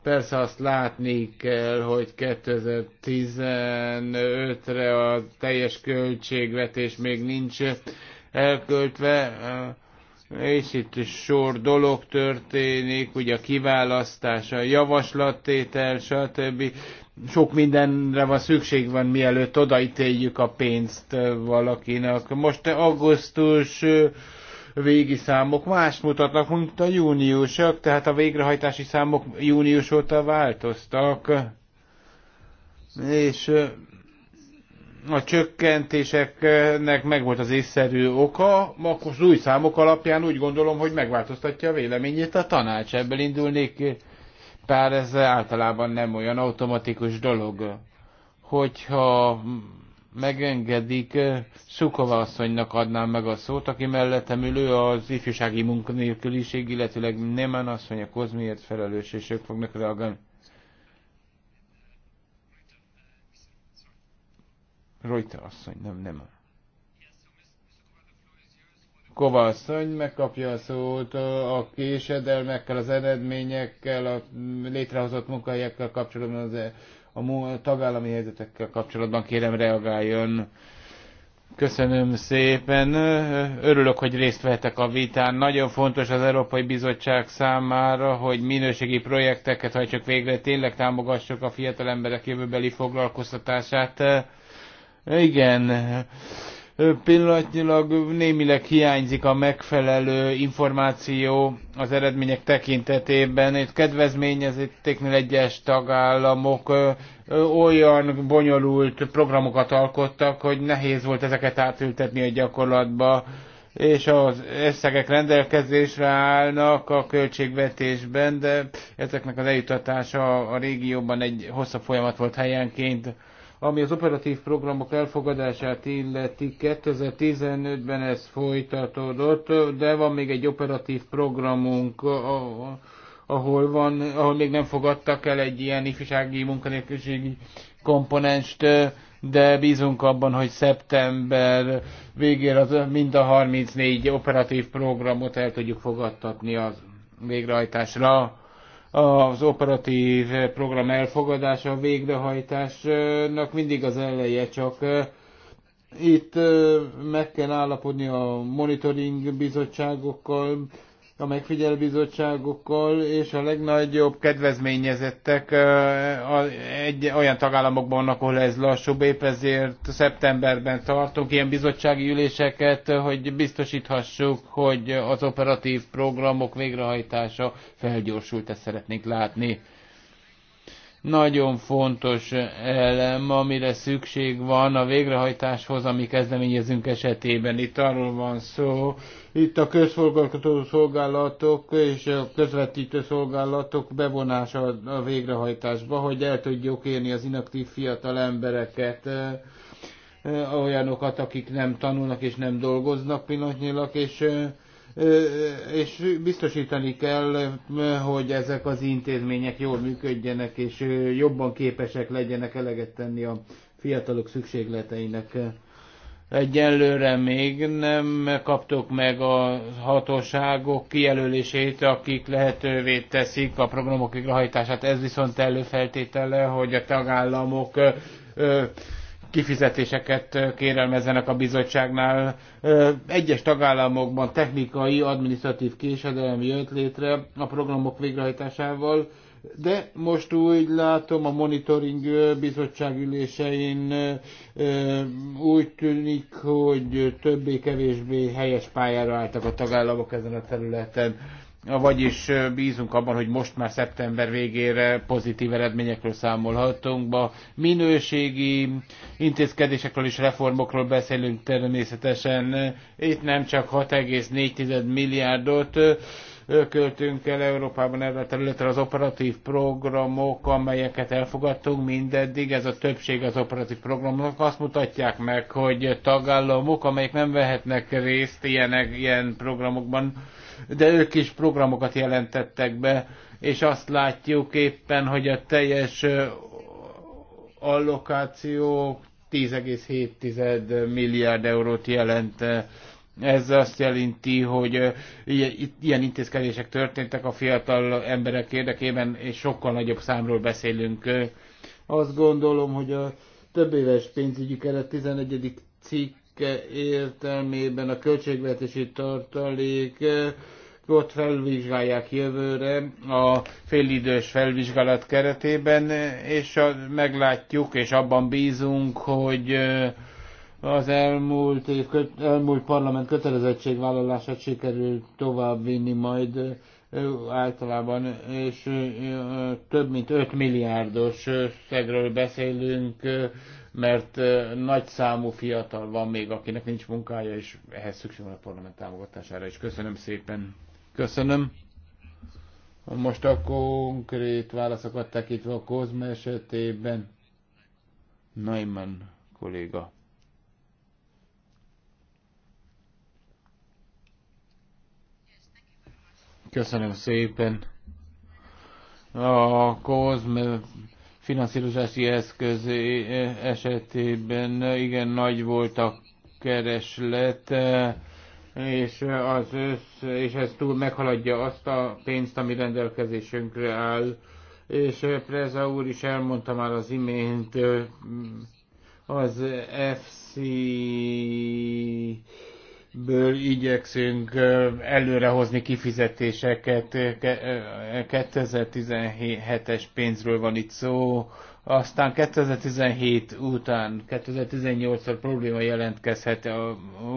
Persze azt látni kell, hogy 2015-re a teljes költségvetés még nincs elköltve és itt is sor dolog történik, ugye a kiválasztás, a javaslattétel, stb. Sok mindenre van szükség van, mielőtt odaítéljük a pénzt valakinek. Most augusztus végi számok más mutatnak, mint a júniusok, tehát a végrehajtási számok június óta változtak. És a csökkentéseknek megvolt az észszerű oka, akkor az új számok alapján úgy gondolom, hogy megváltoztatja a véleményét a tanács. Ebből indulnék, pár ez általában nem olyan automatikus dolog, hogyha megengedik, Szukova asszonynak adnám meg a szót, aki mellettem ülő az ifjúsági munkanélküliség, illetőleg nem asszony a Kozmiért felelős, és ők fognak reagálni. Reuter asszony, nem, nem. Kovasszony megkapja a szót a késedelmekkel, az eredményekkel, a létrehozott munkahelyekkel kapcsolatban, az, e, a tagállami helyzetekkel kapcsolatban kérem reagáljon. Köszönöm szépen. Örülök, hogy részt vehetek a vitán. Nagyon fontos az Európai Bizottság számára, hogy minőségi projekteket hajtsuk végre, tényleg támogassuk a fiatal emberek jövőbeli foglalkoztatását igen, pillanatnyilag némileg hiányzik a megfelelő információ az eredmények tekintetében. Itt kedvezményezettéknél egyes tagállamok olyan bonyolult programokat alkottak, hogy nehéz volt ezeket átültetni a gyakorlatba, és az összegek rendelkezésre állnak a költségvetésben, de ezeknek az eljutatása a régióban egy hosszabb folyamat volt helyenként ami az operatív programok elfogadását illeti, 2015-ben ez folytatódott, de van még egy operatív programunk, ahol, van, ahol még nem fogadtak el egy ilyen ifjúsági munkanélküliségi komponenst, de bízunk abban, hogy szeptember végére az, mind a 34 operatív programot el tudjuk fogadtatni az végrehajtásra az operatív program elfogadása, a végrehajtásnak mindig az eleje, csak itt meg kell állapodni a monitoring bizottságokkal, a megfigyelőbizottságokkal, és a legnagyobb kedvezményezettek egy, olyan tagállamokban vannak, ahol ez lassúbb, épp ezért szeptemberben tartunk ilyen bizottsági üléseket, hogy biztosíthassuk, hogy az operatív programok végrehajtása felgyorsult, ezt szeretnénk látni nagyon fontos elem, amire szükség van a végrehajtáshoz, ami kezdeményezünk esetében. Itt arról van szó, itt a közforgató szolgálatok és a közvetítő szolgálatok bevonása a végrehajtásba, hogy el tudjuk érni az inaktív fiatal embereket, eh, eh, olyanokat, akik nem tanulnak és nem dolgoznak pillanatnyilag, és eh, és biztosítani kell, hogy ezek az intézmények jól működjenek, és jobban képesek legyenek eleget tenni a fiatalok szükségleteinek. Egyelőre még nem kaptuk meg a hatóságok kijelölését, akik lehetővé teszik a programok végrehajtását. Ez viszont előfeltétele, hogy a tagállamok kifizetéseket kérelmezzenek a bizottságnál. Egyes tagállamokban technikai, adminisztratív késedelem jött létre a programok végrehajtásával, de most úgy látom a monitoring bizottság ülésein úgy tűnik, hogy többé-kevésbé helyes pályára álltak a tagállamok ezen a területen vagyis bízunk abban, hogy most már szeptember végére pozitív eredményekről számolhatunk. A minőségi intézkedésekről és reformokról beszélünk természetesen. Itt nem csak 6,4 milliárdot költünk el Európában erre a területre az operatív programok, amelyeket elfogadtunk mindeddig, ez a többség az operatív programok azt mutatják meg, hogy tagállamok, amelyek nem vehetnek részt ilyen, ilyen programokban, de ők is programokat jelentettek be, és azt látjuk éppen, hogy a teljes allokáció 10,7 milliárd eurót jelent. Ez azt jelenti, hogy ilyen intézkedések történtek a fiatal emberek érdekében, és sokkal nagyobb számról beszélünk. Azt gondolom, hogy a több éves pénzügyi keret 11. cikk értelmében a költségvetési tartalék eh, ott felvizsgálják jövőre a félidős felvizsgálat keretében, eh, és meglátjuk, és abban bízunk, hogy eh, az elmúlt, év, elmúlt parlament kötelezettségvállalását sikerül továbbvinni majd általában, és több mint 5 milliárdos összegről beszélünk mert nagy számú fiatal van még, akinek nincs munkája, és ehhez szükség van a parlament támogatására is. Köszönöm szépen. Köszönöm. Most a konkrét válaszokat tekintve a Kozma esetében Naiman kolléga. Köszönöm szépen. A Kozma finanszírozási eszköz eh, eh, esetében eh, igen nagy volt a kereslet, és, az össz, és ez túl meghaladja azt a pénzt, ami rendelkezésünkre áll. És Preza úr is elmondta már az imént, az FC ből igyekszünk előrehozni kifizetéseket. 2017-es pénzről van itt szó, aztán 2017 után, 2018-ra probléma jelentkezhet,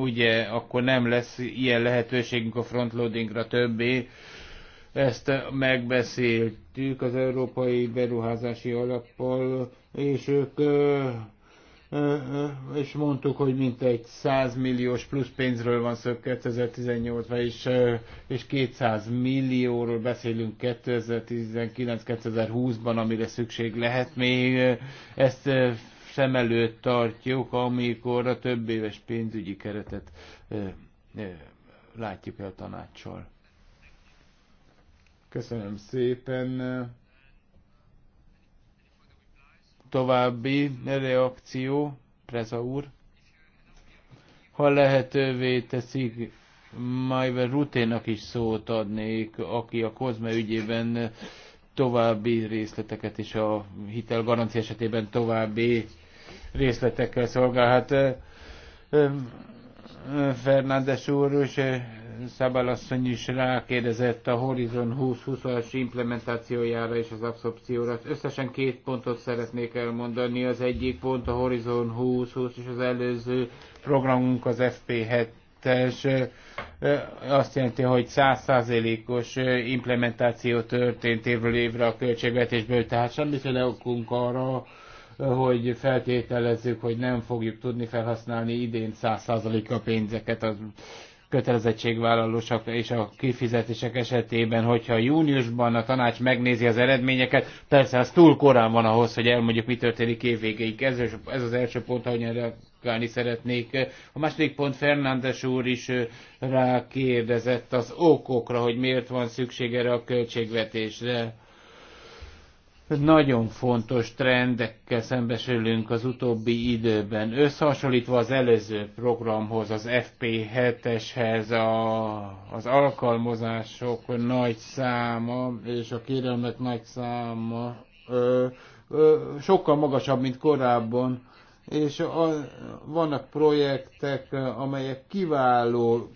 ugye akkor nem lesz ilyen lehetőségünk a frontloadingra többé. Ezt megbeszéltük az Európai Beruházási Alappal, és ők és mondtuk, hogy mintegy 100 milliós plusz pénzről van szó 2018-ra, és, és 200 millióról beszélünk 2019-2020-ban, amire szükség lehet még. Ezt szem előtt tartjuk, amikor a több éves pénzügyi keretet látjuk el a Köszönöm szépen. További reakció, Preza úr. Ha lehetővé teszik, majd Ruténak is szót adnék, aki a Kozme ügyében további részleteket és a hitelgarancia esetében további részletekkel szolgál. Hát Fernándes úr és Szabalasszony is rákérdezett a Horizon 2020-as implementációjára és az abszorpcióra. Összesen két pontot szeretnék elmondani. Az egyik pont a Horizon 2020 és az előző programunk az FP7-es. Azt jelenti, hogy 100%-os implementáció történt évről évre a költségvetésből, tehát semmiféle okunk arra, hogy feltételezzük, hogy nem fogjuk tudni felhasználni idén 100% a pénzeket. Az kötelezettségvállalósak és a kifizetések esetében, hogyha júniusban a tanács megnézi az eredményeket, persze az túl korán van ahhoz, hogy elmondjuk, mi történik évvégéig. Ez, ez az első pont, ahogy erre reagálni szeretnék. A második pont Fernándes úr is rákérdezett az okokra, hogy miért van szükség erre a költségvetésre nagyon fontos trendekkel szembesülünk az utóbbi időben. Összehasonlítva az előző programhoz, az FP7-eshez, a, az alkalmazások nagy száma és a kérelmek nagy száma ö, ö, sokkal magasabb, mint korábban és a, vannak projektek, amelyek kiváló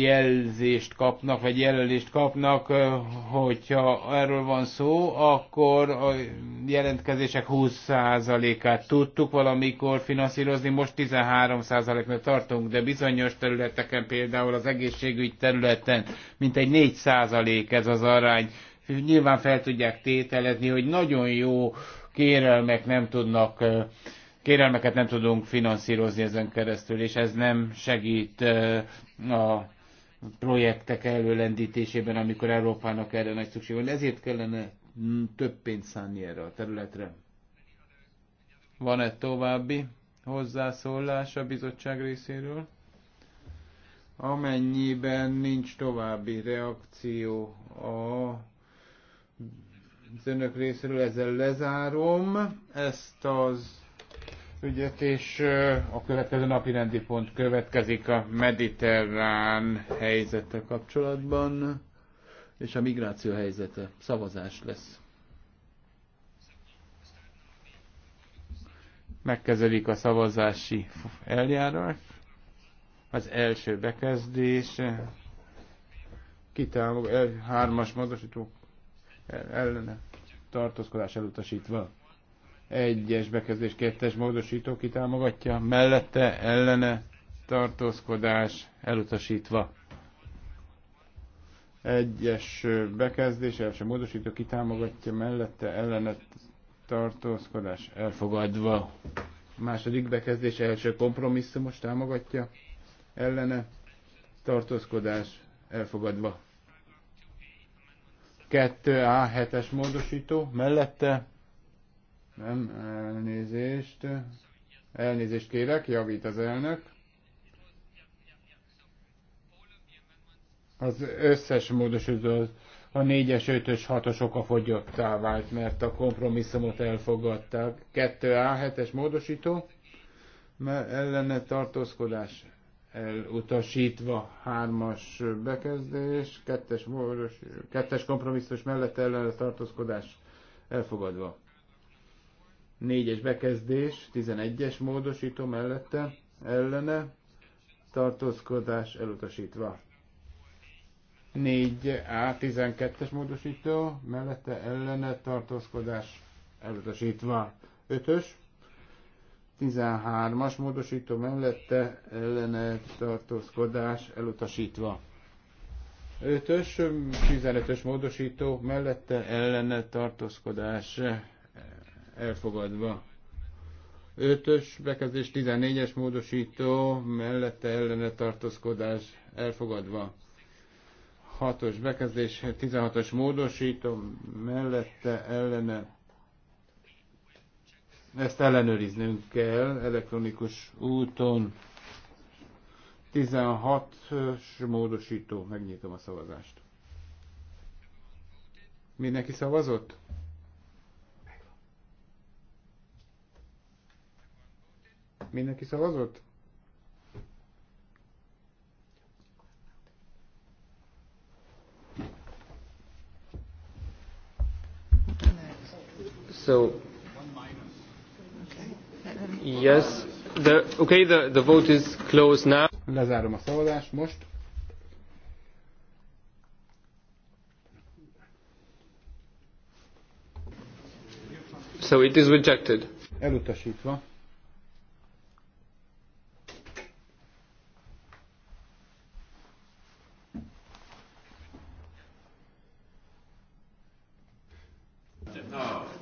jelzést kapnak, vagy jelölést kapnak, hogyha erről van szó, akkor a jelentkezések 20%-át tudtuk valamikor finanszírozni, most 13%-nál tartunk, de bizonyos területeken, például az egészségügy területen, mint egy 4% ez az arány. Nyilván fel tudják tételezni, hogy nagyon jó kérelmek nem tudnak kérelmeket nem tudunk finanszírozni ezen keresztül, és ez nem segít a projektek előlendítésében, amikor Európának erre nagy szükség van. Ezért kellene több pénzt szánni erre a területre. Van-e további hozzászólás a bizottság részéről? Amennyiben nincs további reakció a az önök részéről ezzel lezárom ezt az ügyet, és a következő napi rendi pont következik a mediterrán helyzete kapcsolatban, és a migráció helyzete. Szavazás lesz. Megkezdődik a szavazási eljárás. Az első bekezdés. Kitámog, hármas módosító ellene tartózkodás elutasítva egyes bekezdés kettes módosító kitámogatja, mellette ellene tartózkodás elutasítva. Egyes bekezdés, első módosító kitámogatja, mellette ellene tartózkodás elfogadva. Második bekezdés, első kompromisszumos támogatja, ellene tartózkodás elfogadva. 2A7-es módosító, mellette nem, elnézést. Elnézést kérek, javít az elnök. Az összes módosító a 4-es, 5-ös, 6-os okafogyottá vált, mert a kompromisszumot elfogadták. 2A, 7-es módosító, mert ellene tartózkodás elutasítva 3-as bekezdés, 2-es kompromisszus mellett ellene tartózkodás elfogadva. 4-es bekezdés, 11-es módosító mellette, ellene, tartózkodás elutasítva. 4A, 12-es módosító, mellette ellene, tartózkodás elutasítva. 5-ös, 13-as módosító, mellette ellene, tartózkodás elutasítva. 5-ös, 15-ös módosító, mellette ellene, tartózkodás elfogadva. 5-ös bekezdés 14-es módosító mellette ellene tartózkodás elfogadva. 6-os bekezdés 16-os módosító mellette ellene ezt ellenőriznünk kell elektronikus úton. 16-ös módosító. Megnyitom a szavazást. Mindenki szavazott? Mindenki szavazott? So, yes, the, okay, the, the vote is closed now. Lezárom a szavazást most. So it is rejected. Elutasítva.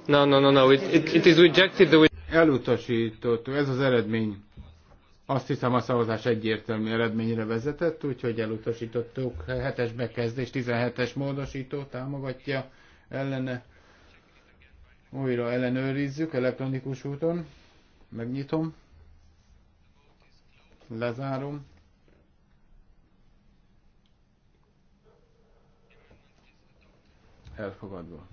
No, no, no, no, it, it, it is rejected. The... Elutasított, ez az eredmény. Azt hiszem a szavazás egyértelmű eredményre vezetett, úgyhogy elutasítottuk. 7-es bekezdés, 17-es módosító támogatja ellene. Újra ellenőrizzük elektronikus úton. Megnyitom. Lezárom. Elfogadva.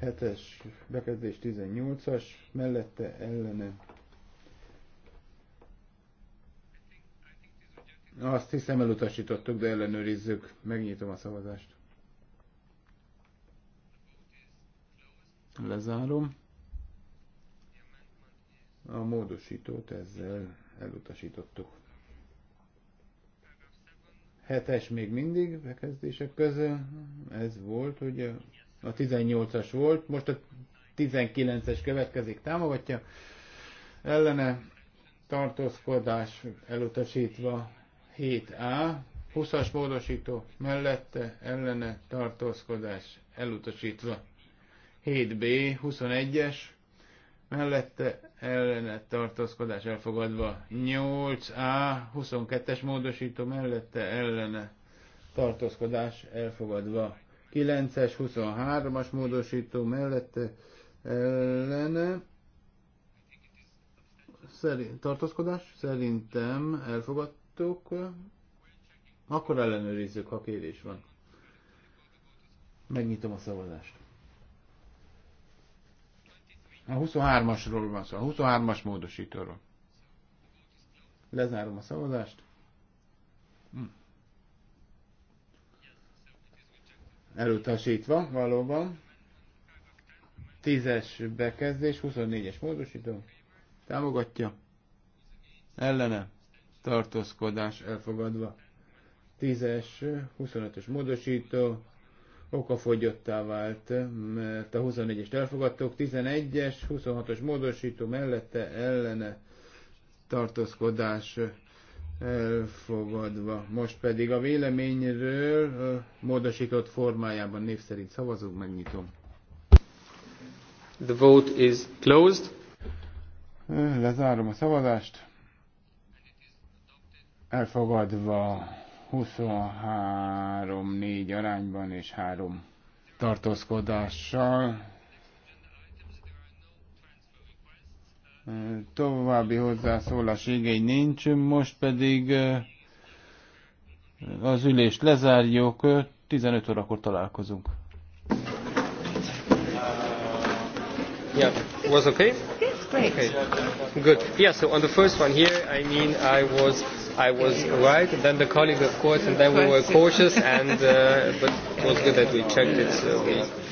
7-es bekezdés 18-as, mellette ellene. Azt hiszem elutasítottuk, de ellenőrizzük. Megnyitom a szavazást. Lezárom. A módosítót ezzel elutasítottuk. Hetes még mindig bekezdések közül. Ez volt ugye a 18-as volt, most a 19-es következik, támogatja, ellene tartózkodás elutasítva 7A, 20-as módosító mellette ellene tartózkodás elutasítva 7B, 21-es mellette ellene tartózkodás elfogadva 8A, 22-es módosító mellette ellene tartózkodás elfogadva 9-es, 23-as módosító mellette ellene szerint, tartózkodás? Szerintem elfogadtuk. Akkor ellenőrizzük, ha kérés van. Megnyitom a szavazást. A 23-asról van szó, a 23-as módosítóról. Lezárom a szavazást. Hm. elutasítva valóban. 10-es bekezdés, 24-es módosító. Támogatja. Ellene. Tartózkodás elfogadva. 10-es, 25-ös módosító. Okafogyottá vált, mert a 24-est elfogadtok. 11-es, 26-os módosító mellette ellene tartózkodás elfogadva. Most pedig a véleményről módosított formájában név szerint szavazunk, megnyitom. The vote is closed. Lezárom a szavazást. Elfogadva 23-4 arányban és 3 tartózkodással További hozzászólás igény nincs, most pedig az ülést lezárjuk, 15 órakor találkozunk. Yeah, was okay? Yes, great. Okay. Good. Yeah, so on the first one here, I mean, I was I was right, and then the colleague, of course, and then we were cautious, and uh, but it was good that we checked it. So we,